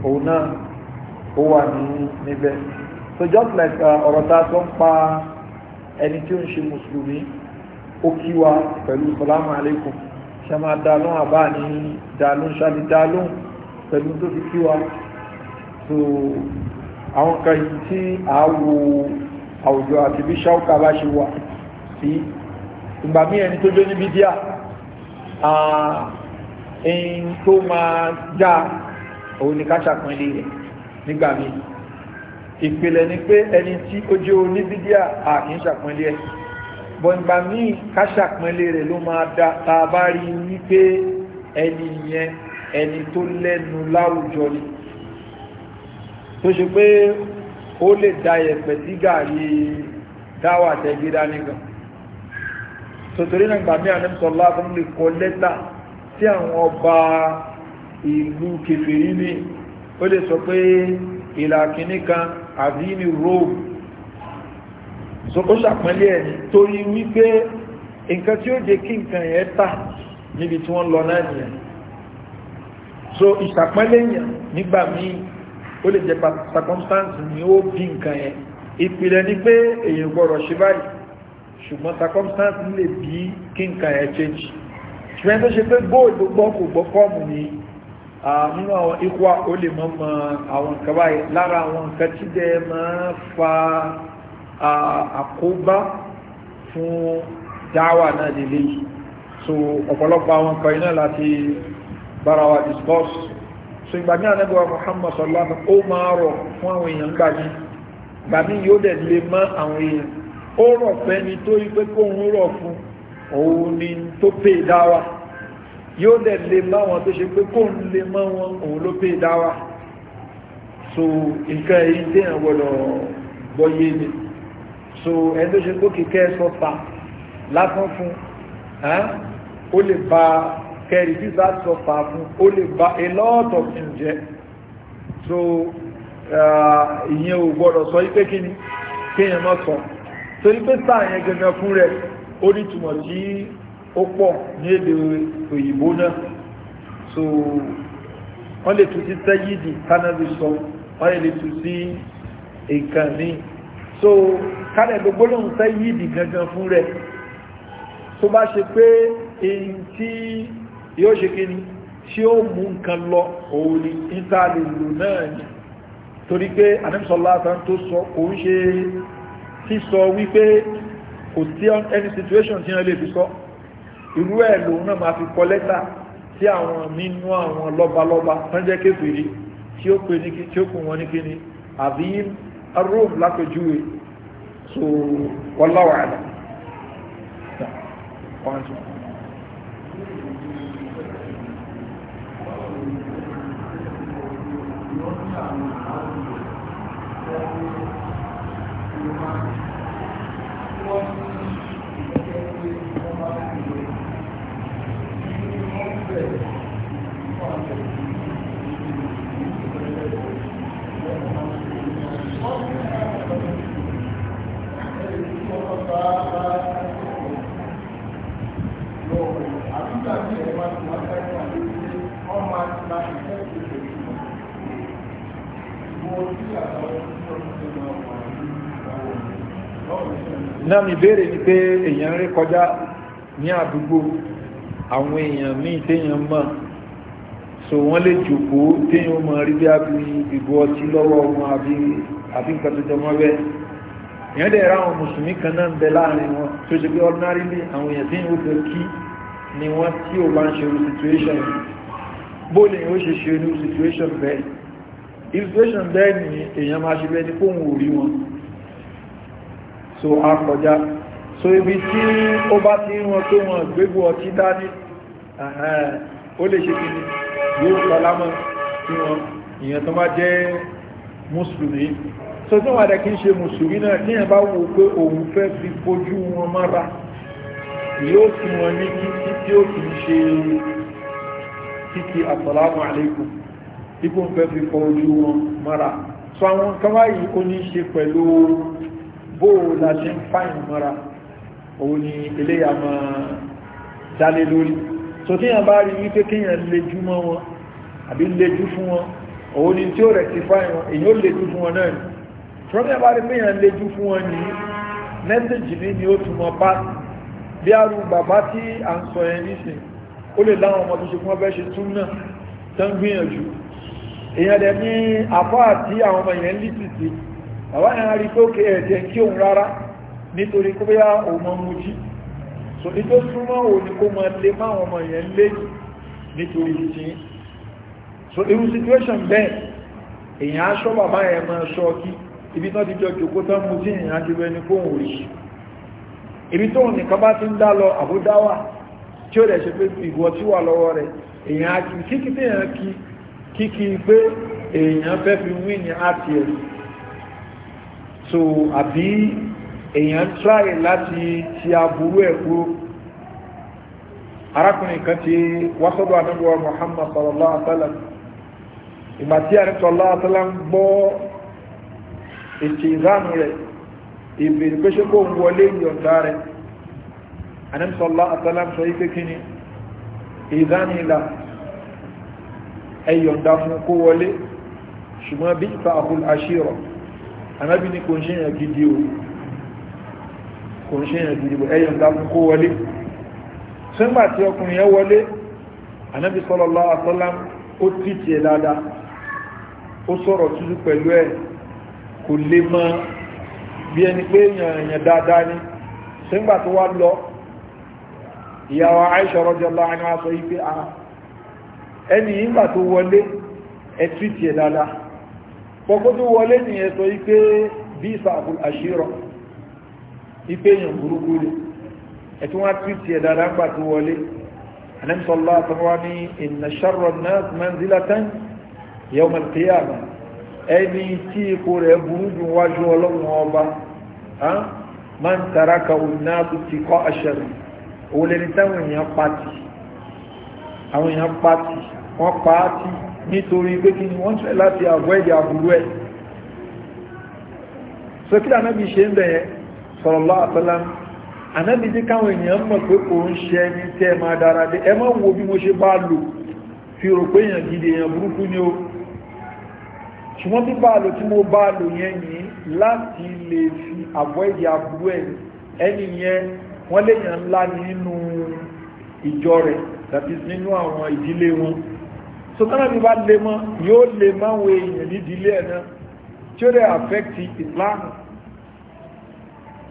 òun náà ó wà ní níbẹ̀ so just like uh, ọ̀rọ̀ tá a ń pa ẹni tí ó ń ṣe mùsùlùmí ó kí wa pẹ̀lú salamu alaykum ṣe máa dá lóhùn àbá ní dá lóhùn ṣáàlì dá lóhùn pẹ̀lú tó fi kí wa so àwọn kan yìí tí a àwùjọ àti bí ṣáùkà bá ṣe wà sí ìgbà mí ẹni tó jó níbi díà ẹyin tó máa já òun ni ká ṣàpọ́nlé rẹ̀ nígbà míì ìpìlẹ̀ ni pé ẹni tí ó jẹ́ oníbídíà àkì ń ṣàpọ́nlé ẹ̀ bọ̀ ìgbà míì ká ṣàpọ́nlé rẹ̀ ló máa dá tá bá rí wípé ẹni yẹn ẹni tó lẹ́nu láwùjọ ni tó ṣe pé ó lè da ẹ̀pẹ̀ sí gàrí dáwà tẹ́gbẹ́dá nìkan tòtòrí náà gbàmí àníṣọ́lá fún lè kọ lẹ́tà tí àwọn ọba ìlú kèfèrí ní ó lè sọ pé ìlà kìíní kan àbí ní rome so ó ṣàpẹ́lẹ̀ ẹni torí wípé nǹkan tí ó jẹ́ kí nǹkan yẹn tà níbi tí wọ́n lọ náà nìyẹn so ìṣàpẹ́lẹ̀ yẹn nígbà míì ó lè jẹ́ circumstance ni ó bí nǹkan yẹn ìpìlẹ̀ ni pé èèyàn gbọ́dọ̀ ṣe báyìí ṣùgbọ́n circumstance lè bí kí nǹkan yẹn change ṣùgbọ́n tó ṣe pé góòlù gbogbo kò gbọ́ fọ́ọ̀mù ni nínú àwọn ikú ó lè mọ́ mọ́ àwọn nǹkan báyìí lára àwọn nǹkan tí dẹ́ máa fa àkóbá fún dáwà náà lélẹ́ yìí so ọ̀pọ̀lọpọ̀ àwọn nǹkan iná láti bára discuss so ìgbà ní ànábẹ́wà Muhammad sallallahu ó máa rọ̀ fún àwọn èèyàn gbà ní gbà ní yóò dẹ̀ lè mọ́ àwọn èèyàn ó rọ̀ fẹ́ni tó yí pé kóun rọ̀ fún òun ni tó pè dáwà yóò dẹ̀ lè má wọn tó ṣe pé kó ń lè má wọn òun ló pé dáwà so nǹkan èyí tí èèyàn gbọ́dọ̀ gbọ́yé ni so ẹni tó ṣe pé kíkẹ́ sọ́ta lásán fún ó lè ba kẹrì tí sá sọ́ta fún ó lè ba a lot of things jẹ́ so ìyẹn ò gbọ́dọ̀ sọ yí pé kí ni kéèyàn má sọ torí pé sáà yẹn gẹ́gẹ́ fún rẹ̀ ó ní túmọ̀ sí ó pọ̀ ní èdè òyìnbó náà so wọ́n lè tún sí sẹ́yìdì tánàbí sọ wọ́n lè tún sí nǹkan so kálẹ̀ gbogbo lóhun sẹ́yìdì gangan fún rẹ̀ tó bá ṣe pé èyí tí yóò ṣe kí ni tí ó mú nǹkan lọ òun ni níta náà ni torí pé anẹ́sọ̀lá àtàn tó sọ òun ṣe sísọ wípé kò sí any situation tí wọ́n lè fi sọ irú ẹ̀ lòun náà máa fi kọ lẹ́tà sí àwọn nínú àwọn lọ́balọ́ba tán jẹ́ kékeré tí ó pè ní kí tí ó kù wọn ní àbí rome lápẹjúwe so wọláwà rẹ̀ Thank you. náà mi béèrè ni pé èèyàn rí kọjá ní àdúgbò àwọn èèyàn míì téèyàn mọ̀ so wọ́n lè jòkó téèyàn mọ̀ rí bí abí ìgò ọtí lọ́wọ́ wọn àbí àbí nǹkan tó jọmọ́ bẹ́ẹ̀ èèyàn dẹ̀ ra àwọn mùsùlùmí kan náà ń bẹ láàrin wọn tó ṣe pé ordinary ni àwọn èèyàn téèyàn ó fẹ́ kí ni wọ́n tí ò bá ń ṣe irú situation bó lè ó ṣe ṣe irú situation bẹ́ẹ̀ irú situation bẹ́ẹ̀ ni èèyàn máa ṣe bẹ́ẹ̀ ni kóhun ò rí wọn so a kọjá so ibi tí ó bá ti wọn tó wọn gbégbó ọtí dání ó lè ṣe kí ni yóò sọlámọ́ tí wọn ìyẹn tó bá jẹ́ mùsùlùmí so tí wọ́n rẹ̀ kí ń ṣe mùsùlùmí náà ní ẹ̀bá wo pé òun fẹ́ fi fojú wọn mọ́ra yóò fún wọn ní títí tí ó kì í ṣe títí àtọ̀láwọ̀ àlékún ipò ń fẹ́ fi fọ ojú wọn mọ́ra so àwọn kan ó ní ṣe pẹ̀lú bó la ṣe ń fáyìn mọ́ra òun ni eléyà máa dálé lórí so tíyàn bá rí wípé kíyàn lejú mọ́ wọn àbí lejú fún wọn òun ni tí ó rẹ̀ ti fáyìn wọn èyí ó lejú fún wọn náà ni ṣọ́nà bá rí kíyàn lejú fún wọn ní mẹ́sẹ̀jì ní ni ó túnmọ̀ bá bí arú bàbá tí à ń sọ yẹn nísìn ó lè láwọn ọmọ tó ṣe fún ọbẹ̀ ṣe tún náà tán gbìyànjú èèyàn dẹ̀ ní àfáà tí àwọn ọmọ yẹn lítìtì àwọn èèyàn rí pé ó kẹ ẹ̀jẹ̀ kí òun rárá nítorí kó bóyá òun mú jí so ní tó súnmọ́ òun ni kó mọ lé máwọn ọmọ yẹn lé nítorí ìtì so irú situation bẹ́ẹ̀ èèyàn aṣọ bàbá yẹn máa ṣọ kí ibi náà ti jọ jòkó tán mú sí ìrìn àti ẹni kó òun rí ibi tóun nìkan bá ti ń dá lọ àbúdáwà tí ó rẹ̀ ṣe pé ìwọ tí wà lọ́wọ́ rẹ̀ èèyàn kí kí kí kí pé èèyàn fẹ́ fi wí ní àti ẹ̀sìn so àbí èèyàn tráyè láti ti aburú ẹ̀ kúrò arákùnrin kan ti wá sọ́dọ̀ anábíwá muhammad sallallahu alaihi wa sallam ìgbà tí àrẹ sallallahu alaihi wa sallam gbọ́ ètò ìzánu rẹ̀ ìbèrè pé ṣe kó ń wọlé ìyọ̀ǹda rẹ̀ anábí sallallahu alaihi wa sallam sọ yí pé kí ni ẹ̀yọ̀ǹda fún kó wọlé ṣùgbọ́n bí ìfà àkùl àṣírọ̀ anábì ní kò ń ṣèyàn gidi o kò ń ṣèyàn gidi o ẹ̀yọ̀ ńlá kó wọlé sẹ́gbà tí ọkùnrin yẹn wọlé anábì sallallahu alaihi ó tìtì ẹ̀ dáadáa ó sọ̀rọ̀ tútù pẹ̀lú ẹ̀ kò lè mọ bí ẹni pé èèyàn dáadáa ni sẹ́gbà tó wá lọ ìyàwó Aisha radiyallahu anha sọ yìí pé ah, ẹni yìí gbà pọ̀kójú wọlé ní ẹ̀tọ́ ipé bí ìsàkùn àṣírọ̀ ipé èyàn burúkú lè ẹ̀tí wọ́n tí tí ẹ̀dà rágbà tó wọlé anẹ́sọ́lá àtọwà ní ìnà ṣarọ̀ náà manzilatan yawm al-qiyamah ẹni tí ipò nítorí pé kí ni wọ́n tẹ́ láti avoid àbúrú ẹ̀ so kí anábi ṣe ń bẹ̀yẹ sọ̀rọ̀lọ́ àtọ́lá anábi tí káwọn èèyàn mọ̀ pé kò ń ṣe ní tẹ́ máa dára dé ẹ mọ́ wo bí mo ṣe bá lò fi rò pé èèyàn gidi èèyàn burúkú ni ó ṣùgbọ́n bí bá lò tí mo bá lò yẹn yìí láti lè fi avoid àbúrú ẹ̀ ẹni yẹn wọ́n so tọ́nà bí bá lè mọ́ yóò lè máa wo èèyàn nídìílé ẹ̀ tí ó rẹ̀ affect Islam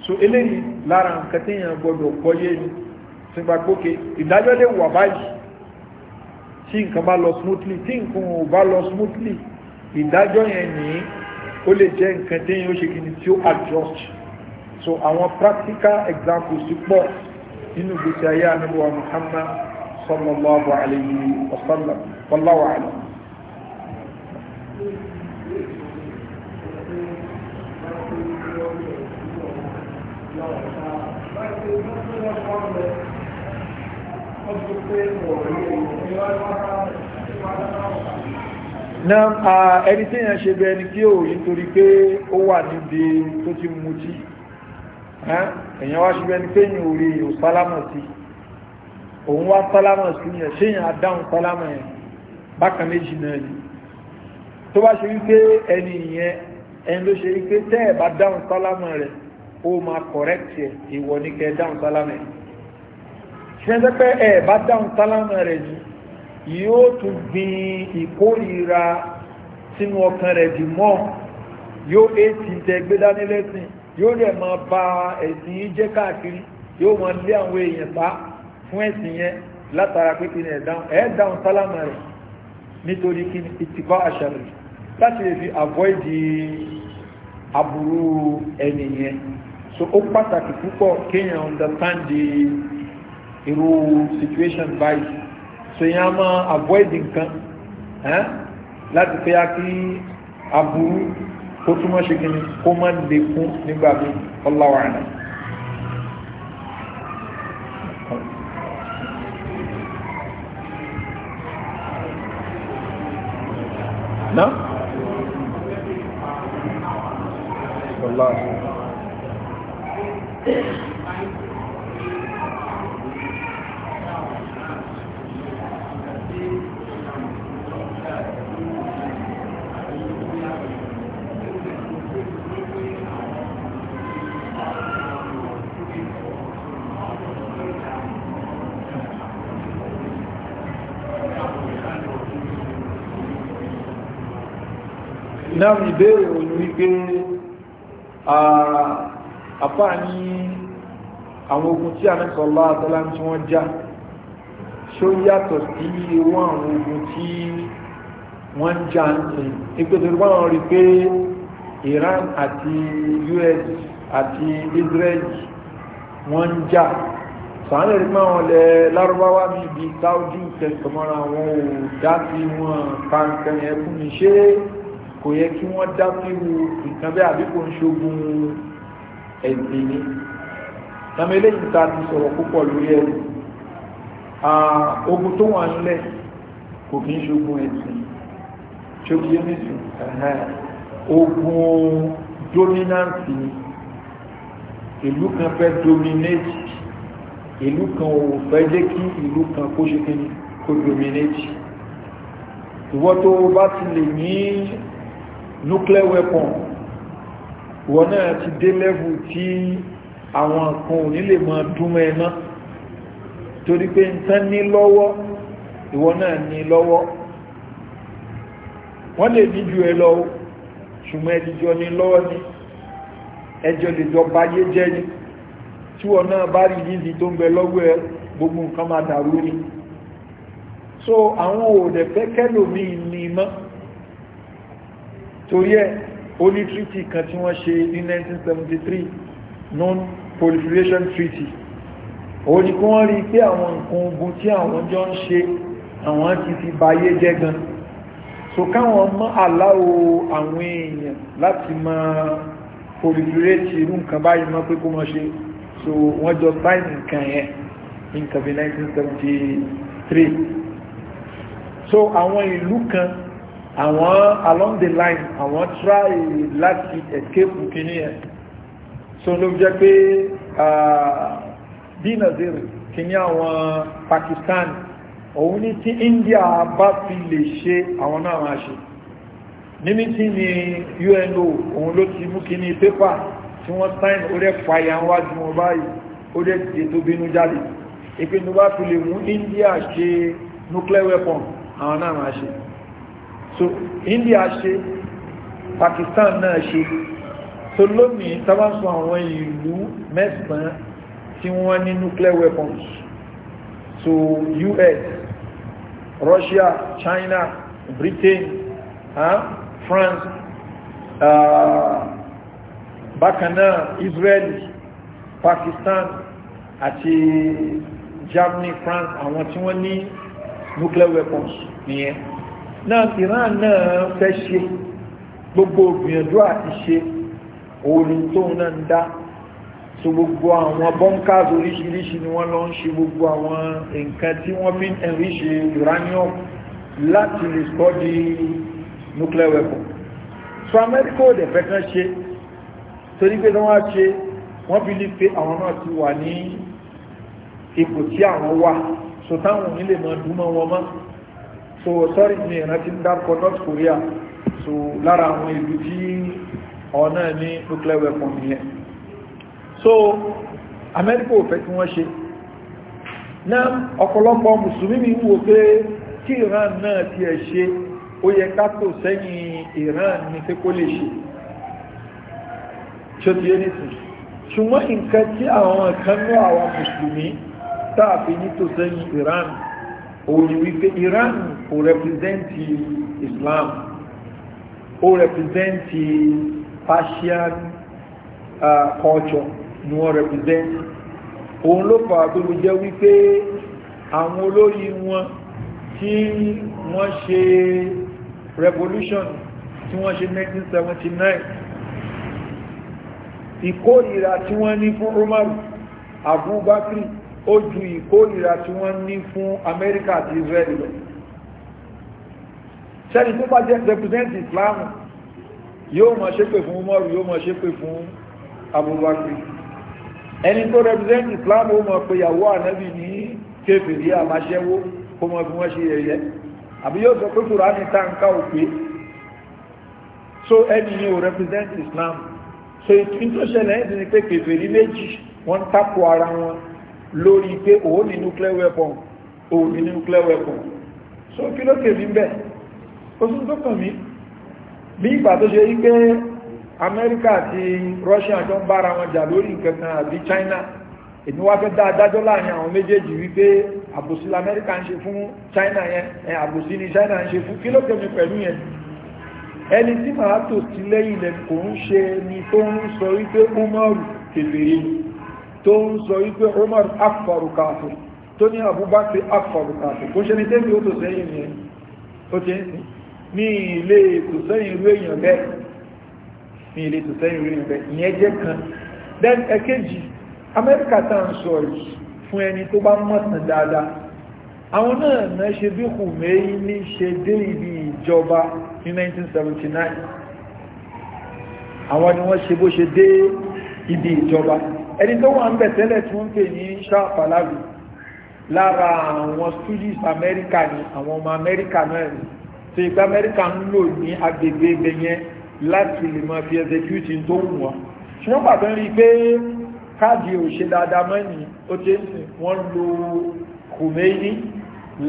so eléyìí lára nǹkan tí èèyàn gbọdọ̀ kọ́yé ni sígbàgbókè ìdájọ́ lè wà báyìí tí nǹkan bá lọ smoothly tí nǹkan ò bá lọ smoothly ìdájọ́ yẹn nìyí ó lè jẹ́ nǹkan tí yíó ṣe kìí tí ó adjust so àwọn practical examples ti pọ̀ nínú gbèsè ayé àníwá Muhammad صلى الله عليه وسلم والله أعلم náà ẹni tí yẹn ṣe bẹ ẹni kí ò yí torí pé ó wà níbi tó ti mú jí ẹ̀yàn wá ṣe bẹ ẹni pé yìí ò rí sí i òun wá sálámà sí yẹn ṣéyàn adáhùn sálámà yẹn bákan méjì náà ni tó bá ṣe wípé ẹni ìyẹn ẹni ló ṣe wípé tẹ́ ẹ̀ bá dáhùn sálámà rẹ̀ ó máa kọ̀rẹ́kì ẹ̀ ìwọ ní kẹ́ dáhùn sálámà yẹn ṣẹ́ńtẹ́ pé ẹ̀ bá dáhùn sálámà rẹ̀ ni yóò tún gbin ìkórìíra sínú ọkàn rẹ̀ dì mọ́ yóò ètì ìtẹ́gbé dání lẹ́sìn yóò rẹ̀ máa ba ẹ̀sìn yìí jẹ́ káàkiri yóò máa lé àwọn èèyàn pa á fún ẹ̀sìn yẹn látara pé kí ni ẹ̀ dáhùn sálámà rẹ̀ nítorí kí ni ìtìbá àṣà rẹ̀ láti lè fi avoid aburú ẹni yẹn so ó pàtàkì púpọ̀ kéèyàn understand irú situation báyìí so yẹn a máa avoid nǹkan láti fẹ́ yá kí aburú kó túmọ̀ ṣe kí ni kó má lè kún nígbà mi náà. náà Thank náà ìbéèrè òní wípé àpá ní àwọn ogun tí àmẹ́sọ̀lá àtọ́lá tí wọ́n já ṣó yàtọ̀ sí irú àwọn ogun tí wọ́n ń já ń sìn rí pé Iran àti US àti Israel wọ́n ń já sàánà rí máa wọn lẹ lárúbáwá mi bí sáúdí kẹsàn-án mọ́ra wọn ò dá sí wọn kàǹkàn ẹkùn mi kò yẹ kí wọ́n dá píwu nǹkan bẹ́ẹ̀ àbí kò ń ṣogun ẹ̀sìn ni tàbí eléyìí ta ti sọ̀rọ̀ púpọ̀ lórí ẹ̀rù ogun tó wà ńlẹ̀ kò kí ń ṣogun ẹ̀sìn ṣogun ẹ̀sìn ogun dominance ni ìlú kan fẹ́ dominate ìlú kan ò fẹ́ jẹ́ kí ìlú kan kó ṣe kí ni kó dominate ìwọ́n tó bá ti lè ní nuclear weapon wọn náà ti dé lẹ́fù tí àwọn kan ò ní lè máa dúnmọ́ ẹ mọ́ torí pé n tán ní lọ́wọ́ ìwọ náà ní lọ́wọ́ wọ́n lè ní ẹ lọ ṣùgbọ́n ẹjọ́ ní lọ́wọ́ ni ẹjọ́ lè jọ báyé jẹ́ ni tí wọ́n náà bá rí yìí tó ń bẹ lọ́wọ́ ẹ gbogbo nǹkan máa dàrú ni so àwọn òdẹ̀fẹ́kẹ́lòmíì ní mọ́ torí ẹ̀ ó treaty kan tí wọ́n ṣe ní 1973 non-proliferation treaty ó ní kí wọ́n rí pé àwọn nǹkan ogun tí àwọn jọ ń ṣe àwọn ti fi bayé jẹ́ gan so káwọn mọ́ aláwo àwọn èèyàn láti máa proliferate irú nǹkan báyìí mọ́ pé kó mọ́ ṣe so wọ́n jọ sign nǹkan yẹn nǹkan bí 1973 so àwọn ìlú kan àwọn along the line àwọn try láti escape kìíní ẹ̀ so ló jẹ́ pé bí Nazir kìíní àwọn Pakistan òun ní tí India bá fi lè ṣe àwọn náà máa ṣe níbi tí ni UNO òun ló ti mú kìíní pépà tí wọ́n sign ó dẹ̀ fàyà wájú wọn báyìí ó dẹ̀ dìde tó bínú jáde ìpinnu bá fi lè mú India ṣe nuclear weapon àwọn náà máa ṣe so India ṣe Pakistan náà ṣe so lónìí tábàsùn àwọn ìlú mẹ́sàn-án tí wọ́n ní nuclear weapons so US Russia China Britain huh? France uh, bákan náà Israel Pakistan àti Germany France àwọn tí wọ́n ní nuclear weapons nìyẹn náà Iran náà fẹ́ ṣe gbogbo ògbìyànjú àti ṣe orin tóun náà ń dá so gbogbo àwọn bunkers oríṣiríṣi ni wọ́n lọ ń ṣe gbogbo àwọn nǹkan tí wọ́n fi ń enriche uranium láti lè sọ di nuclear weapon so Amẹ́ríkà ò dẹ̀ fẹ́ kán ṣe torí pé wọ́n á ṣe wọ́n fi ní pé àwọn náà ti wà ní ipò tí àwọn wà so táwọn onílè máa dúnmọ́ wọn mọ́ so sorry mi ìrántí ń dárúkọ north korea so lara àwọn ìlú tí ọ̀nà ní nuclear weapon nìyẹn so amẹ́ríkà ò fẹ́ kí wọ́n ṣe náà ọ̀pọ̀lọpọ̀ mùsùlùmí mi wò pé tí iran náà ti ẹ̀ ṣe ó yẹ ká tò sẹ́yìn iran ni pé kó lè ṣe tí ó ti yé nìsín ṣùgbọ́n nǹkan tí àwọn kan ní àwọn mùsùlùmí tààfi ní tò iran òun ni Iran kò rẹpìrìsẹ́ǹtì Islam ó rẹpìrìsẹ́ǹtì Persian uh, culture ni wọ́n rẹpìrìsẹ́ǹtì òun ló fà á tó lè jẹ́ wípé àwọn olórí wọn tí wọ́n ṣe revolution tí wọ́n ṣe 1979 ìkórìíra tí wọ́n ní fún Umaru Abubakar ó ju ìkórìíra tí wọ́n ní fún amẹ́ríkà àti israel lọ sẹ́ni tó bá jẹ́ represent islam yóò mọ̀ ṣépè fún umar yóò mọ̀ ṣépè fún abubakar ẹni tó represent islam ó mọ̀ pé ìyàwó ànábì ní kéfèrí àmáṣẹ́wó kó mọ̀ bí wọ́n ṣe yẹ̀yẹ́ àbí yóò sọ pé kùránì táǹkà òpè so ẹni yìí ò represent islam so ìtúntò ṣẹlẹ̀ ẹ̀sìn ni pé kéfèrí méjì wọ́n ń tapò ara wọn lórí pé òun ní nuclear weapon òun ní nuclear weapon so kí ló kè mí bẹ́ẹ̀ ó sì tó kàn mí bí ìgbà tó ṣe wípé amẹ́ríkà àti russia jọ ń bára wọn jà lórí nǹkan kan àbí china èmi wá fẹ́ dá adájọ́ láàrin àwọn méjèèjì wípé àbòsí lamẹ́ríkà ń ṣe fún china yẹn àbòsí ni china ń ṣe fún kí ló kè mí pẹ̀lú yẹn ẹni tí màá tò sí lẹ́yìn lẹ́nu kò ń ṣe ni tó ń sọ wípé ó mọ̀rù kèfèrè tó ń sọ wípé Umar akọrù káfù tó ní Abubakar akọrù káfù kó ṣe ní tẹ́bí ó tó sẹ́yìn yẹn ó ti ń sìn ní ilé ètò sẹ́yìn irú èèyàn bẹ́ẹ̀ ní ilé ètò sẹ́yìn irú èèyàn bẹ́ẹ̀ ìyẹn jẹ́ kan then ẹ̀kejì Amẹ́ríkà tá à ń sọ yìí fún ẹni tó bá mọ̀tàn dáadáa àwọn náà náà ṣe bí Khomeini ní ṣe dé ibi ìjọba ní 1979 àwọn ni wọ́n ṣe bó ṣe dé ibi ìjọba ẹni tó wà ń bẹ̀ tẹ́lẹ̀ tí wọ́n ń pè ní ṣáàpàláwì lára àwọn students amẹ́ríkà ni àwọn ọmọ amẹ́ríkà náà ni tó ìgbà amẹ́ríkà ń lò ní agbègbè ibẹ̀ yẹn láti lè máa fi execute tó wù wọn ṣùgbọ́n pàtó rí i pé káàdì ò ṣe dáadáa mọ́ni ó ti ń sìn wọ́n lo kòmẹ́yìn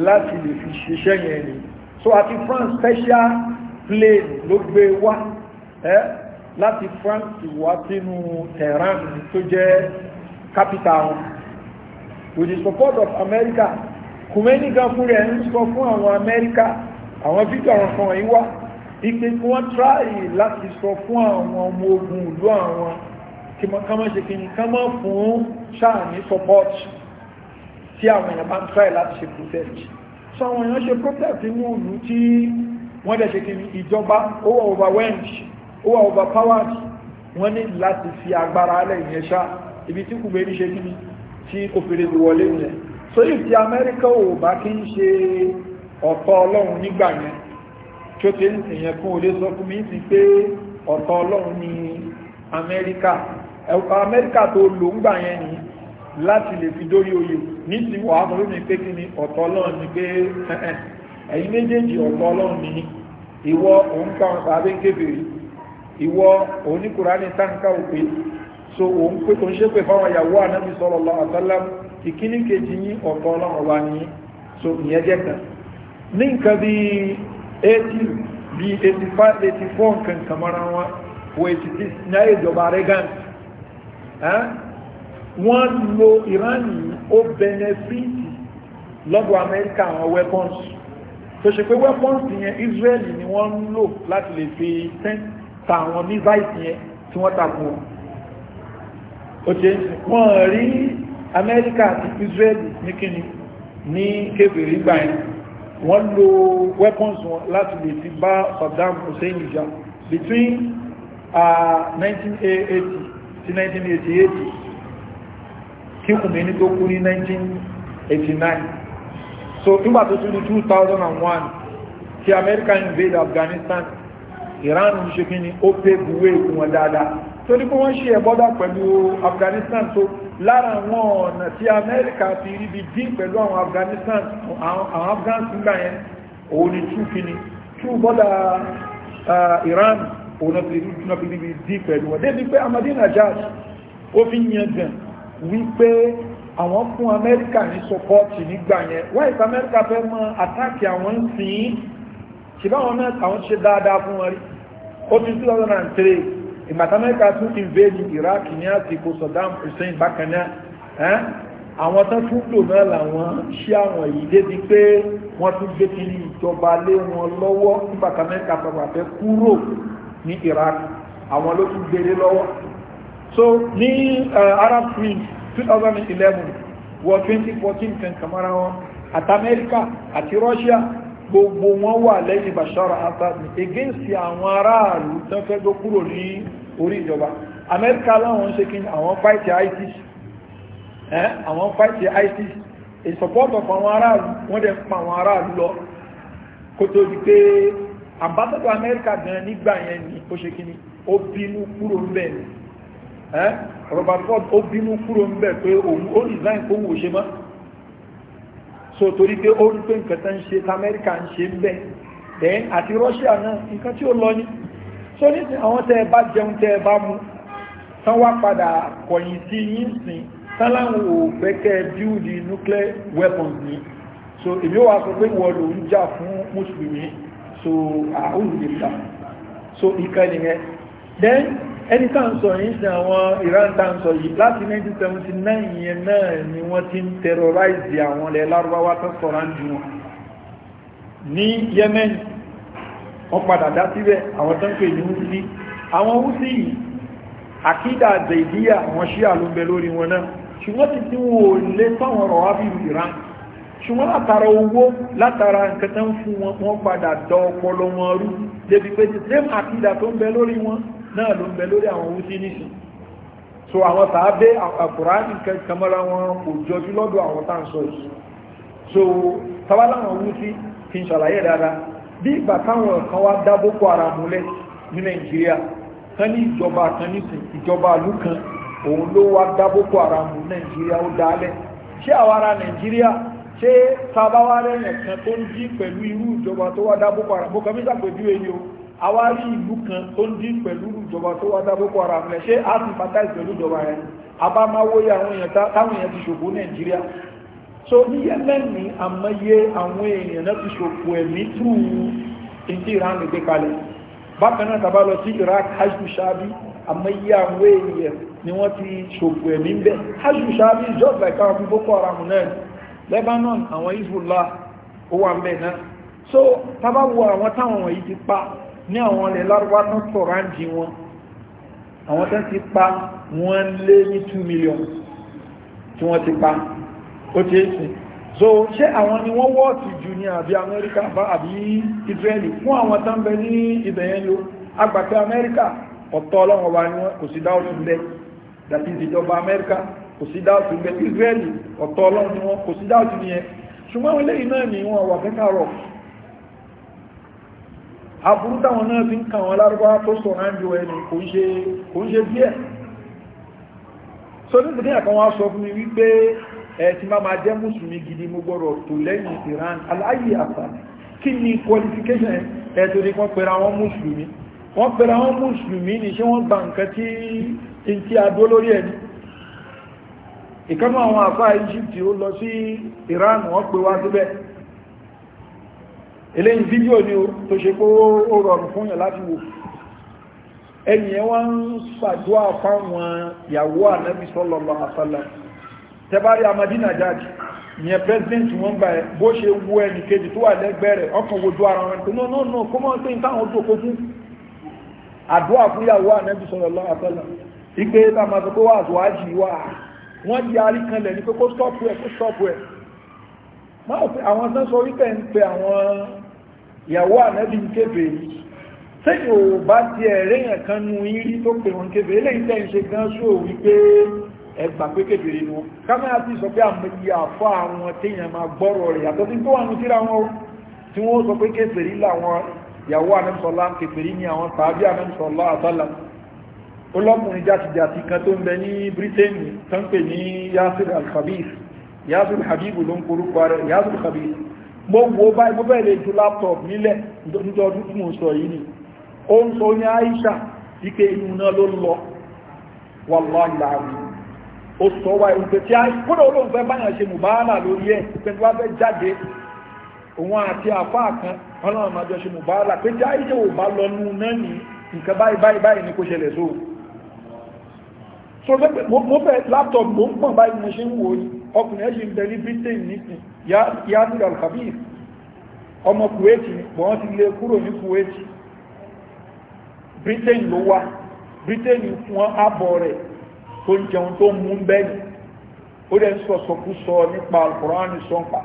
láti lè fi ṣiṣẹ́ yẹn ni so àti France special plane ló gbé wá ẹ́ láti france wá sínú tehran tó jẹ́ capital wọn with the support of america kùmẹ́nì gan fún rẹ̀ ń sọ fún àwọn america àwọn fídíò àwọn kan yìí wá ipe kí wọ́n tíráyì láti sọ fún àwọn ọmọ ogun ìlú àwọn kí wọ́n kán mọ́ ṣe kíni kán mọ́ fún ṣáà ní support tí àwọn èèyàn bá ń tíráyì láti ṣe protest so àwọn èèyàn ṣe protest nínú ìlú tí wọ́n dẹ̀ ṣe kíni ìjọba over overwhelmed ó wà overpowered wọ́n ní láti fi agbára alẹ́ ìyẹn ṣá ibi tí kò bẹ́ẹ̀ ṣe kíni tí kò fèrè lè wọlé yẹn so if ti amẹ́ríkà ò bá kí ń ṣe ọ̀tọ̀ ọlọ́run nígbà yẹn tí ó ti ń tìyẹn fún òde sọ fún mi ti pé ọ̀tọ̀ ọlọ́run ní amẹ́ríkà amẹ́ríkà tó lò ń gbà yẹn ni láti lè fi dórí oyè ní ti wà ápọ̀ lónìí pé kí ni ọ̀tọ̀ ọlọ́run ni pé ẹ̀yìn méjèèjì ọ̀tọ̀ ọlọ́run ni ìwọ òun káwọn tàbí ìwọ òun ní kùránì táǹkà òpé so òun pé tó ń ṣe pé fáwọn ìyàwó ànábì sallallahu alaihi wasallam ìkíní kejì ní ọ̀tọ̀ ọlọ́run ní so ìyẹn jẹ́ kan ní nǹkan bí 80 bí 85 84 nǹkan kàmọ́ra wọn wọ 86 ní ayé ìjọba Reagan wọ́n lo Iran yìí ó bẹnẹfíìtì lọ́dọ̀ Amẹ́ríkà àwọn weapons tó ṣe pé weapons yẹn Israeli ni wọ́n ń lò láti lè fi 10 ta àwọn missiles yẹn tí wọ́n takò ó ṣe wọ́n rí amẹ́ríkà àti israel ní kíni ní kébìrì gbà yẹn wọ́n lo weapons wọn láti lè fi bá Saddam Hussein jà between uh, 1980 sí 1988 kí kùnmí ní tó kú ní 1989 so nígbà tó tún ní 2001 tí amẹ́ríkà invade afghanistan iran ń ṣe kí ni ó pé buwé fún wọn dáadáa torí pé wọ́n ṣe ẹ̀bọ́dà pẹ̀lú afghanistan tó lára àwọn ọ̀nà tí amẹ́ríkà ti rí bi dín pẹ̀lú àwọn afghanistan àwọn afghans ń gbà yẹn òun ni tú kí ni tú bọ́dà iran òun náà fi rí bi dín pẹ̀lú wọn débi pé ahmadinejad ó fi yan gan wípé àwọn fún amẹ́ríkà ní sọpọ́ọ̀tì nígbà yẹn wáìsì amẹ́ríkà fẹ́ mọ àtàkì àwọn ń sìn ṣìbáwọn náà àwọn ṣe dáadáa fún 2003 ìgbàtàmẹ́ka tún invade Iraq ní àsìkò Saddam Hussein bákan náà àwọn tán tún lò náà làwọn ṣí àwọn yìí débi pé wọ́n tún gbé kí ní ìjọba lé wọn lọ́wọ́ ìgbàtàmẹ́ka pàpàpẹ́ kúrò ní Iraq àwọn ló tún gbélé lọ́wọ́ so ní eh, Arab Spring 2011 wọ 2014 kan kàmára wọn àti Amẹ́ríkà àti Russia gbogbo wọn wà lẹ́yìn bashara assad against àwọn aráàlú tán fẹ́ tó kúrò ní orí ìjọba amẹ́ríkà láwọn ṣe kí àwọn fáìtì isis ẹ́ àwọn fáìtì isis ìsọ̀pọ̀tọ̀ fún àwọn aráàlú wọ́n dẹ̀ fún àwọn aráàlú lọ kó tó di pé ambassador amẹ́ríkà gan nígbà yẹn ni ó ṣe kí ni ó bínú kúrò ń bẹ̀ ẹ́ robert ford ó bínú kúrò ń bẹ̀ pé òun ó resign kó wù ó ṣe mọ́ so torí pé ó rí pé nǹkan tán ṣe tamẹ́ríkà ń ṣe ń bẹ̀ then àti russia náà nǹkan tí ó lọ ní so nísìn àwọn tẹ́ ẹ bá jẹun tẹ́ ẹ bá mu tán wá padà kọ̀yìn sí yín sìn tán láwọn ò fẹ́ kẹ́ ẹ build nuclear weapons ni so èmi wàá sọ pé wọ́n lòún jà fún mùsùlùmí so àhùn lè ta so ìkànnì yẹn then ẹni tá ń sọ yìí sí àwọn Iran tá ń sọ yìí láti 1979 yẹn náà ni wọ́n ti ń terrorize àwọn ilẹ̀ lárúbáwá tó sọ̀rọ̀ ń wọn ní Yemen wọ́n padà dá síbẹ̀ àwọn tó ń pè ní húsí àwọn húsí yìí àkídà àzẹ̀ìdíyà àwọn ṣíà ló ń bẹ lórí wọn náà ṣùgbọ́n ti tí wò lé fáwọn ọ̀rọ̀ wá bí Iran ṣùgbọ́n látara owó látara nǹkan tó ń fún wọn wọ́n padà dọ ọpọlọ wọn rú débi pé ti same àkídà tó ń bẹ lórí wọn náà ló ń bẹ lórí àwọn ohun tí nìsín so àwọn tàbí àkùránì kẹkẹmọ́ra wọn kò jọjú lọ́dọ̀ àwọn tá à ń sọ yìí so tabaláwọn ohun tí kí n ṣàlàyé dáadáa bí ìgbà táwọn kan wá dá boko haram múlẹ̀ ní nàìjíríà kan ní ìjọba kan nìsín ìjọba àlú kan òun ló wá dá boko haram ní nàìjíríà ó dálẹ̀ ṣé àwọn ará nàìjíríà ṣé tabawa rẹ̀ nìkan tó ń jí pẹ̀lú irú ìjọba tó wá dá boko haram bó kọ́ àwárí ìlú kan tó ń dín pẹ̀lú ìjọba tó wá dá Boko Haram lẹ̀ ṣé a ti fata ìpẹ̀lú ìjọba yẹn abámáwóyè àwọn èèyàn táwọn èèyàn ti ṣògbó Nàìjíríà so ní Yemen ní àmọye àwọn èèyàn náà ti ṣògbó ẹ̀mí tú ìdí ìran lè gbé kalẹ̀ bákan náà tàbá lọ sí Iraq hajj shabi àmọye àwọn èèyàn ni wọ́n ti ṣògbó ẹ̀mí ń bẹ́ hajj shabi just like our Boko Haram náà Lebanon àwọn Hezbollah ó wà ń bẹ̀ náà so tábà wo àwọn táwọn wọ̀nyí ti pa ní àwọn ilẹ̀ lárúbá tán sọ̀rọ̀ àǹdí wọn àwọn tán ti pa wọ́n lé ní 2 million tí wọ́n ti pa ó ti èsì so ṣé àwọn ni wọ́n wọ́ọ̀tì jù ní àbí amẹ́ríkà bá àbí israeli fún àwọn tán bẹ ní ibẹ̀yẹn yóò agbàtẹ́ amẹ́ríkà ọ̀tọ̀ ọlọ́wọ́ wa ni wọ́n kò sí dáwọ́ tún bẹ́ dàbí ìjọba amẹ́ríkà kò sí dáwọ́ tún bẹ́ israeli ọ̀tọ̀ ọlọ́wọ́ ni wọ́n kò sí dáwọ́ tún yẹn ṣùgbọ́n eléyìí náà ni wọ́n wà fẹ́ kárọ̀ aburú táwọn náà fi ń kà wọn lárúbá tó sọ ránjú ẹni kò ń ṣe díẹ̀ so nígbàtí àkan wá sọ fún mi wípé ẹ ti máa máa jẹ́ mùsùlùmí gidi mo gbọ́rọ̀ tó lẹ́yìn Iran aláyé àṣà kí ni qualification ẹ tó ní wọ́n pẹ̀rẹ̀ àwọn mùsùlùmí wọ́n pẹ̀rẹ̀ àwọn mùsùlùmí ní ṣe wọ́n gba nǹkan tí n ti adó lórí ẹni ìkanú àwọn àfáà Egypt ó lọ sí Iran wọ́n pè wá síbẹ̀ eléyìn fídíò ni tó ṣe pé ó rọrùn fún yàn láti wò ẹni ẹ wá ń ṣàdúrà fáwọn ìyàwó ànábì sallallahu alaihi wasallam tẹbárí amadina jáde ìyẹn president wọn gbà ẹ bó ṣe wo ẹnì kejì tó wà lẹ́gbẹ̀ẹ́ rẹ̀ ọkàn wojú ara wọn pé náà náà kó mọ́ pé nǹkan àwọn òjòkó fún àdúrà fún ìyàwó ànábì sallallahu alaihi wasallam ìgbé tá máa sọ pé wà àtúwájì wà wọ́n di aríkanlẹ̀ ní pé kó stọ́pù ẹ̀ kó stọ́pù ẹ̀ máa fi àwọn sẹ́sọ orí tẹ̀ ń pe àwọn ìyàwó ànábì ń kébèrè tẹ́yìn ò bá ti ẹ̀rẹ́ yẹn kan nu yín rí tó pè wọn kébèrè lẹ́yìn tẹ́yìn ṣe gan sóò wípé ẹgbà pé kébèrè ni wọn kámẹ́rà ti sọ pé àmọye àfọ́ àwọn téèyàn máa ni àwọn tàbí ànábìsọ̀lá àtàlà olókùnrin játijàti kan tó ń bẹ ní Britain tó ń pè ní Yasir al-Khabib ló ń korúkọ rẹ̀ Yasir al mo wo báyìí mo bẹ́ẹ̀ lè ju laptop nílẹ̀ níjọ ọdún tí mo sọ yìí ni ó ń sọ ní Aisha ike inú náà ló lọ wallahi láàrin ó sọ wá ìrùn tí a kúrò olóhùn fẹ́ báyàn ṣe mùbáàlà lórí ẹ̀ pé tí fẹ́ jáde òun àti àfáà kan ọlọ́run máa jọ ṣe pé tí Aisha ò bá lọ nú náà ní nǹkan báyìí báyìí báyìí ni kò ṣẹlẹ̀ sóò so mo fẹ́ laptop mo ń pọ̀ báyìí mo ṣe ń wò yìí ọkùnrin ẹ̀ṣì ń bẹ̀lí britain nìsìn yasir alkhabir ọmọ kuwaiti wọ́n ti lè kúrò ní kuwaiti britain ló wá britain fún àbọ̀ rẹ̀ tó ń jẹun tó mú bẹ́ẹ̀ni ó dẹ̀ ń sọ̀sọ̀kú sọ nípa alkùnrin sọ́npa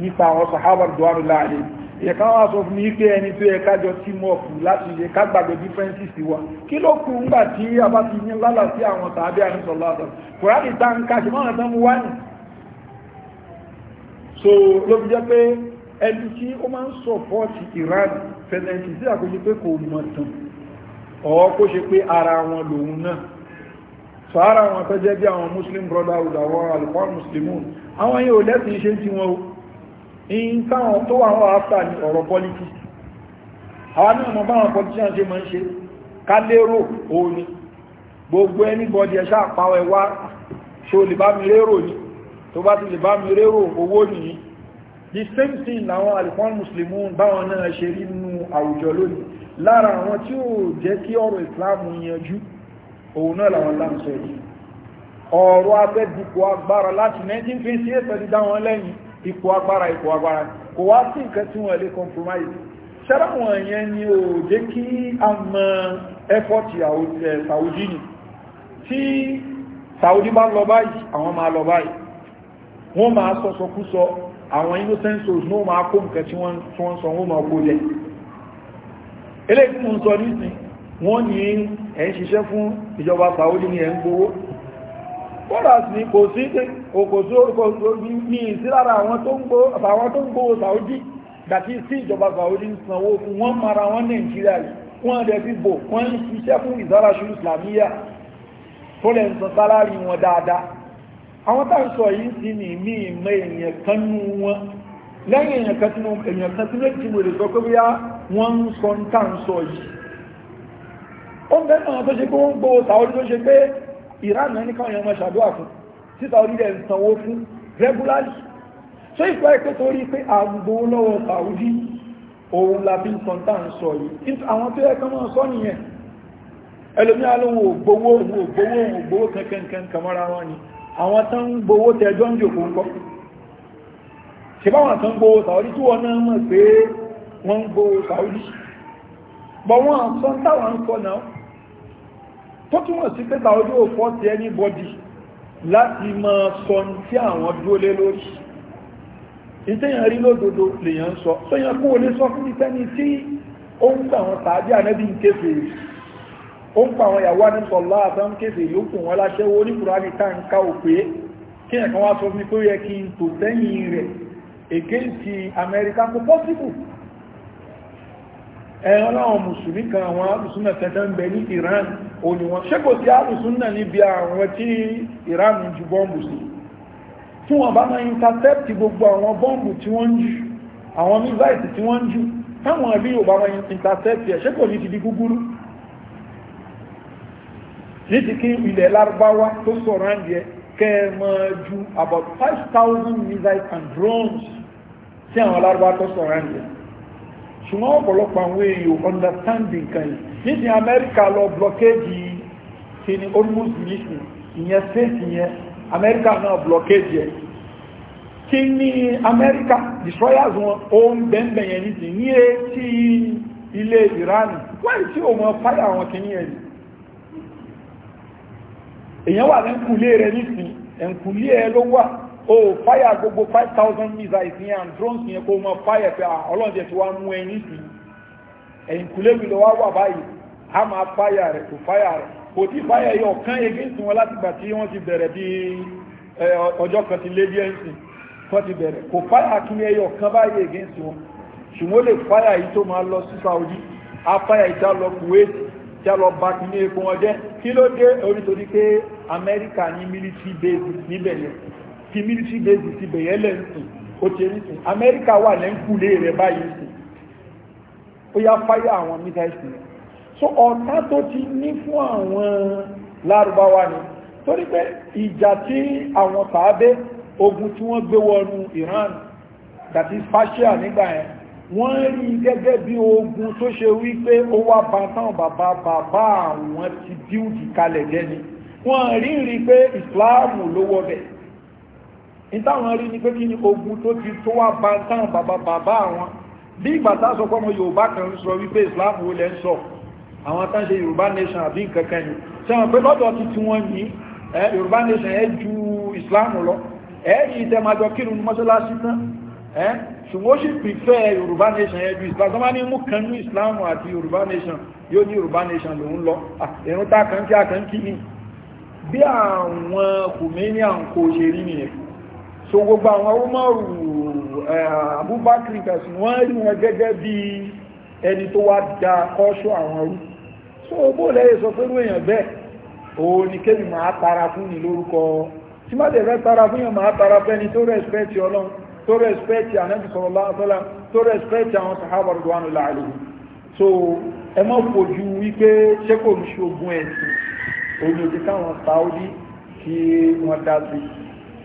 nípa àwọn sahabar duwari láàrin ìyẹ̀ká wá sọ fún ike ẹni tó yẹ kájọ team up láti yẹ ká gbàgbé differences wa kí ló kù ńgbà tí a bá ti yín lálà sí àwọn tàbí àrísọ̀lá àtàkùnrin tá ń ká ṣe mọ́nà tán mú wá nìí so ló fi jẹ́ pé ẹni tí ó máa ń sọ̀pọ̀tì iran fẹ̀lẹ̀ntì sí àkójú pé kò mọ̀ tàn ọ̀ kó ṣe pé ara wọn lòun náà so ara wọn tó jẹ́ bí àwọn muslim brotherhood àwọn alùpàá muslimun àwọn yóò lẹ́sìn ṣe ti wọn o in táwọn tó wà wọ́n after ní ọ̀rọ̀ politics àwọn náà mọ̀ báwọn politician ṣe máa ń ṣe ká lérò òun ni gbogbo ẹ̀ṣà àpáwẹ̀ wá ṣe olùbámi lérò ni tó bá ti lè bá mi rérò owó nìyí the same thing làwọn alifon muslimun báwọn náà ṣe rí nínú àwùjọ lónìí lára àwọn tí ó jẹ́ kí ọ̀rọ̀ ìsìláàmù yanjú òun náà làwọn láǹsọ yìí ọ̀rọ̀ abẹ́ dìpò agbára láti 1958 pẹ̀lú dáwọn lẹ́yìn ipò agbára ipò agbára kò wá sí nǹkan tí wọ́n lè compromise ṣẹ́rà wọn yẹn ni ò jẹ́ kí a mọ ẹ́fọ́tì Saudi ni tí Saudi bá lọ báyìí àwọn máa lọ báyìí wọ́n máa sọ́sọkúsọ àwọn innocent souls ní wọ́n máa kó nǹkan tí wọ́n sọ wọ́n máa kó jẹ eléyìí mú sọ nísìn wọ́n ní ẹ̀ ń ṣiṣẹ́ fún ìjọba Saudi ní ẹ̀ ń gbowó bọ́dàs ní kò sí òkòsí orúkọ ní mara wọn Nàìjíríà yìí wọ́n rẹ̀ fi bò wọ́n ń ṣiṣẹ́ fún ìsáraṣù Islamiyya àwọn táàsọ̀ yìí sí ní ìmí ìmọ̀ èèyàn kan nú wọn lẹ́yìn èèyàn kan tínú èèyàn kan tí méjì wèrè sọ pé bóyá wọ́n ń sọ ń táàsọ̀ yìí ó bẹ́ẹ̀ náà tó ṣe pé wọ́n gbọ́ sàórí tó ṣe pé Iran náà nìkan èèyàn máa ṣàdúrà fún títà orílẹ̀ ń sanwó fún regularly ṣé ìpá ẹ̀pẹ́ torí pé àgbò lọ́wọ́ sàúdí òun la fi ń sọ táàsọ̀ yìí àwọn tó yẹ kán máa sọ nìyẹn ẹlòmíà lóhun ògbówó ògbówó ògbówó kankan kan kàmọ́ra wọn ni àwọn tán ń gbowó tẹjọ́ ń jòkó ń kọ́ ṣebáwọn tán ń gbowó sàúdí tí wọ́n náà mọ̀ pé wọ́n ń gbowó sàúdí bọ̀ wọ́n sọ táwọn ń kọ́ náà tó túnmọ̀ sí pé sàúdí ò fọ́ ti ẹni bọ́dì láti mọ sọ tí àwọn dúró lé lórí ìtẹ́yàn rí lódodo lèyàn sọ sọ́yàn kó o lè sọ fún ìtẹ́ni tí ó ń gbà wọn tàbí ànẹ́bí ń kéfèé ó ń pa àwọn ìyàwó àníṣọ́lá àtàn kéfè yókùn wọn láṣẹ́wó ní kùránì táǹkà ò pé kí ẹ̀kan wá sọ fún mi pé ó yẹ kí n tò sẹ́yìn rẹ̀ èké ti amẹ́ríkà kò pọ́síbù ẹ̀rọ láwọn mùsùlùmí kan àwọn alùsùnà tẹ́tẹ́ ń bẹ ní iran ò ní wọn ṣé kò sí alùsùnà níbi àwọn tí iran ń ju bọ́ǹbù sí tí wọ́n ní ti kí ilẹ̀ lárúbáwá tó sọ̀rọ̀ àǹdíẹ kẹ́ ẹ máa ju about five thousand missiles and drones sí àwọn lárúbá tó sọ̀rọ̀ àǹdíẹ ṣùgbọ́n ọ̀pọ̀lọpọ̀ àwọn èèyàn understanding kan yìí ní ti amẹ́ríkà lọ blockade ti ni almost nation ìyẹn state yẹn amẹ́ríkà náà blockade yẹn kí ní amẹ́ríkà destroyers wọn ohun bẹ́ẹ̀ bẹ́ẹ̀ yẹn ní ti ní etí ilé iran wáyé tí òun fáyà wọn kì ní ẹ̀yìn èyàn wà ní nkùlé rẹ̀ nísìn ẹ̀nkùlé ẹ ló wà o fáyà gbogbo 5,000 missiles yẹn and drones yẹn kó mọ fáyà pé ah, ọlọ́dẹ̀ tí wá mú ẹyìn sí ẹ̀nkùlé mi lọ wà báyìí a máa fáyà rẹ̀ kò fáyà rẹ̀ kò tí fáyà yọ kán egéǹsì wọn láti gbà tí wọ́n ti bẹ̀rẹ̀ bí ọjọ́ kan ti lé díẹ̀ sí wọ́n ti bẹ̀rẹ̀ kò fáyà kí ni ẹyọ kán báyìí egéǹsì wọn ṣùgbọ́n ó lè fáyà yìí tó máa lọ sí Saudi a fáyà ìdá lọ tí a lọ bá ilé epo wọn jẹ́ kí ló dé orítorí pé amẹ́ríkà ní military base níbẹ̀ yẹn fi military base síbẹ̀ yẹn lẹ́sìn ó ti rí sìn amẹ́ríkà wà lẹ́ńkulé rẹ̀ báyìí sìn ó yá fáyà àwọn mísáìsì rẹ̀ so ọ̀tá tó ti ní fún àwọn lárúbáwá ni torí pé ìjà tí àwọn tàbí ogun tí wọ́n gbé wọnú Iran that is partial nígbà yẹn wọ́n rí gẹ́gẹ́ bí ogun tó ṣe wípé ó wá bá táwọn bàbá bàbá àwọn ti díùdì kalẹ̀ jẹ́ni wọ́n rí rí pé ìsìláàmù ló wọ́bẹ̀ ìtàwọn rí ni pé kí ni ogun tó ti tó wá bá táwọn bàbá bàbá àwọn bí ìgbà tá sọ pọ́mọ yorùbá kan sọ wípé ìsìláàmù ó lẹ́ ń sọ àwọn tán ṣe yorùbá nation àbí nkankan ni sẹ́wọ̀n pé lọ́dọ̀ ti tí wọ́n ní yorùbá nation ẹ ju ìsìláàmù lọ ẹ̀ẹ́dì ìtẹ̀májọ kírun mọ́ṣáláṣí náà ṣùgbọ́n ó sì pìfẹ́ yorùbá nation ẹbí islam tó máa ní mú kanú islam àti yorùbá nation yóò ní yorùbá nation lòun lọ ẹ̀rùn tá kan kí a kan kí ní bí àwọn kùmẹ́ni à ń ṣe rí nìyẹn so gbogbo àwọn rúmọ̀rù abúbákiri kẹsùn wọ́n rí wọn gẹ́gẹ́ bí ẹni tó wá da kọ́ṣọ́ àwọn rú so bó lẹ́yẹ sọ pé rú èèyàn bẹ́ẹ̀ òun ni kébì máa tara fún ni lórúkọ tí má dẹ̀ tara fún yàn máa tara fẹ́ni tó rẹ̀ spẹ́ẹ̀tì ọlọ́run tó rẹ̀spẹ̀tì ànábì sallallahu alaihi wasallam tó rẹ̀spẹ̀tì àwọn sàhábà rọ̀dùwánù láàrin so ẹ mọ́ fojú wípé ṣé kò ń ṣe ogun ẹ̀sìn òun òjì káwọn Saudi kí wọ́n dá sí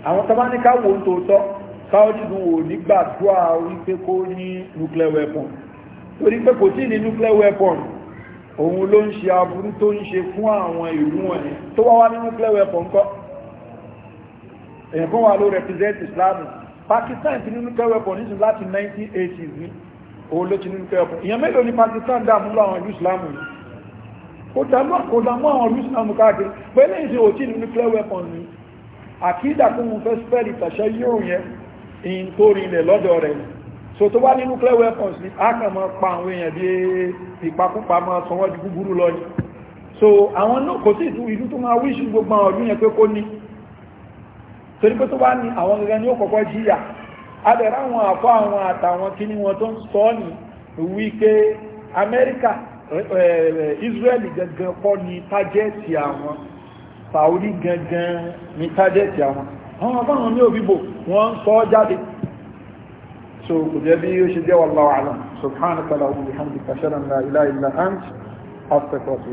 àwọn tabaníkà wo ń tòótọ́ Saudi dùn wò nígbàdúrà wípé kó ní nuclear weapon torí pé kò tí ní nuclear weapon òun ló ń ṣe aburú tó ń ṣe fún àwọn ìlú wọn tó wá wá ní nuclear weapon kọ́ èèyàn kan ló represent Islam Pakistan ti ní nuclear weapon nítorí láti 1980s ní òun ló ti ní nuclear weapon ìyẹn mélòó ni Pakistan dààmú láwọn ìlú Islamu. yìí kò dààmú kò dààmú àwọn ìlú Islam káàkiri pé lẹ́yìn tí ò tí ní nuclear weapon ní àkídà tó ń fẹ́ spẹ́ẹ̀lì ìtàṣẹ́ yóò yẹn ìyìn tó rí ilẹ̀ lọ́dọ̀ rẹ̀ so tó bá ní nuclear weapons ní a kàn máa pa àwọn èèyàn bí ìpakúpa máa sanwó ju gúgúrú lọ ni so àwọn náà kò sí ìlú tó máa wíṣù gbogbo àwọn ọdún torí pé tó bá ní àwọn gẹ́gẹ́ ní ó kọ́kọ́ jíyà adẹ̀rẹ́ àwọn àfọ́ àwọn àtàwọn kíní wọn tó ń sọ ní wípé amẹ́ríkà israeli gangan kọ́ ni tájẹ́ẹ̀tì àwọn saudi gangan ni tájẹ́ẹ̀tì àwọn àwọn afọ́nà ní òbíbò wọ́n ń sọ jáde so kò jẹ́ bí ó ṣe jẹ́ wàlláwà alam subhanahu wa ta'ala wa bihamdika shara la ilaha illa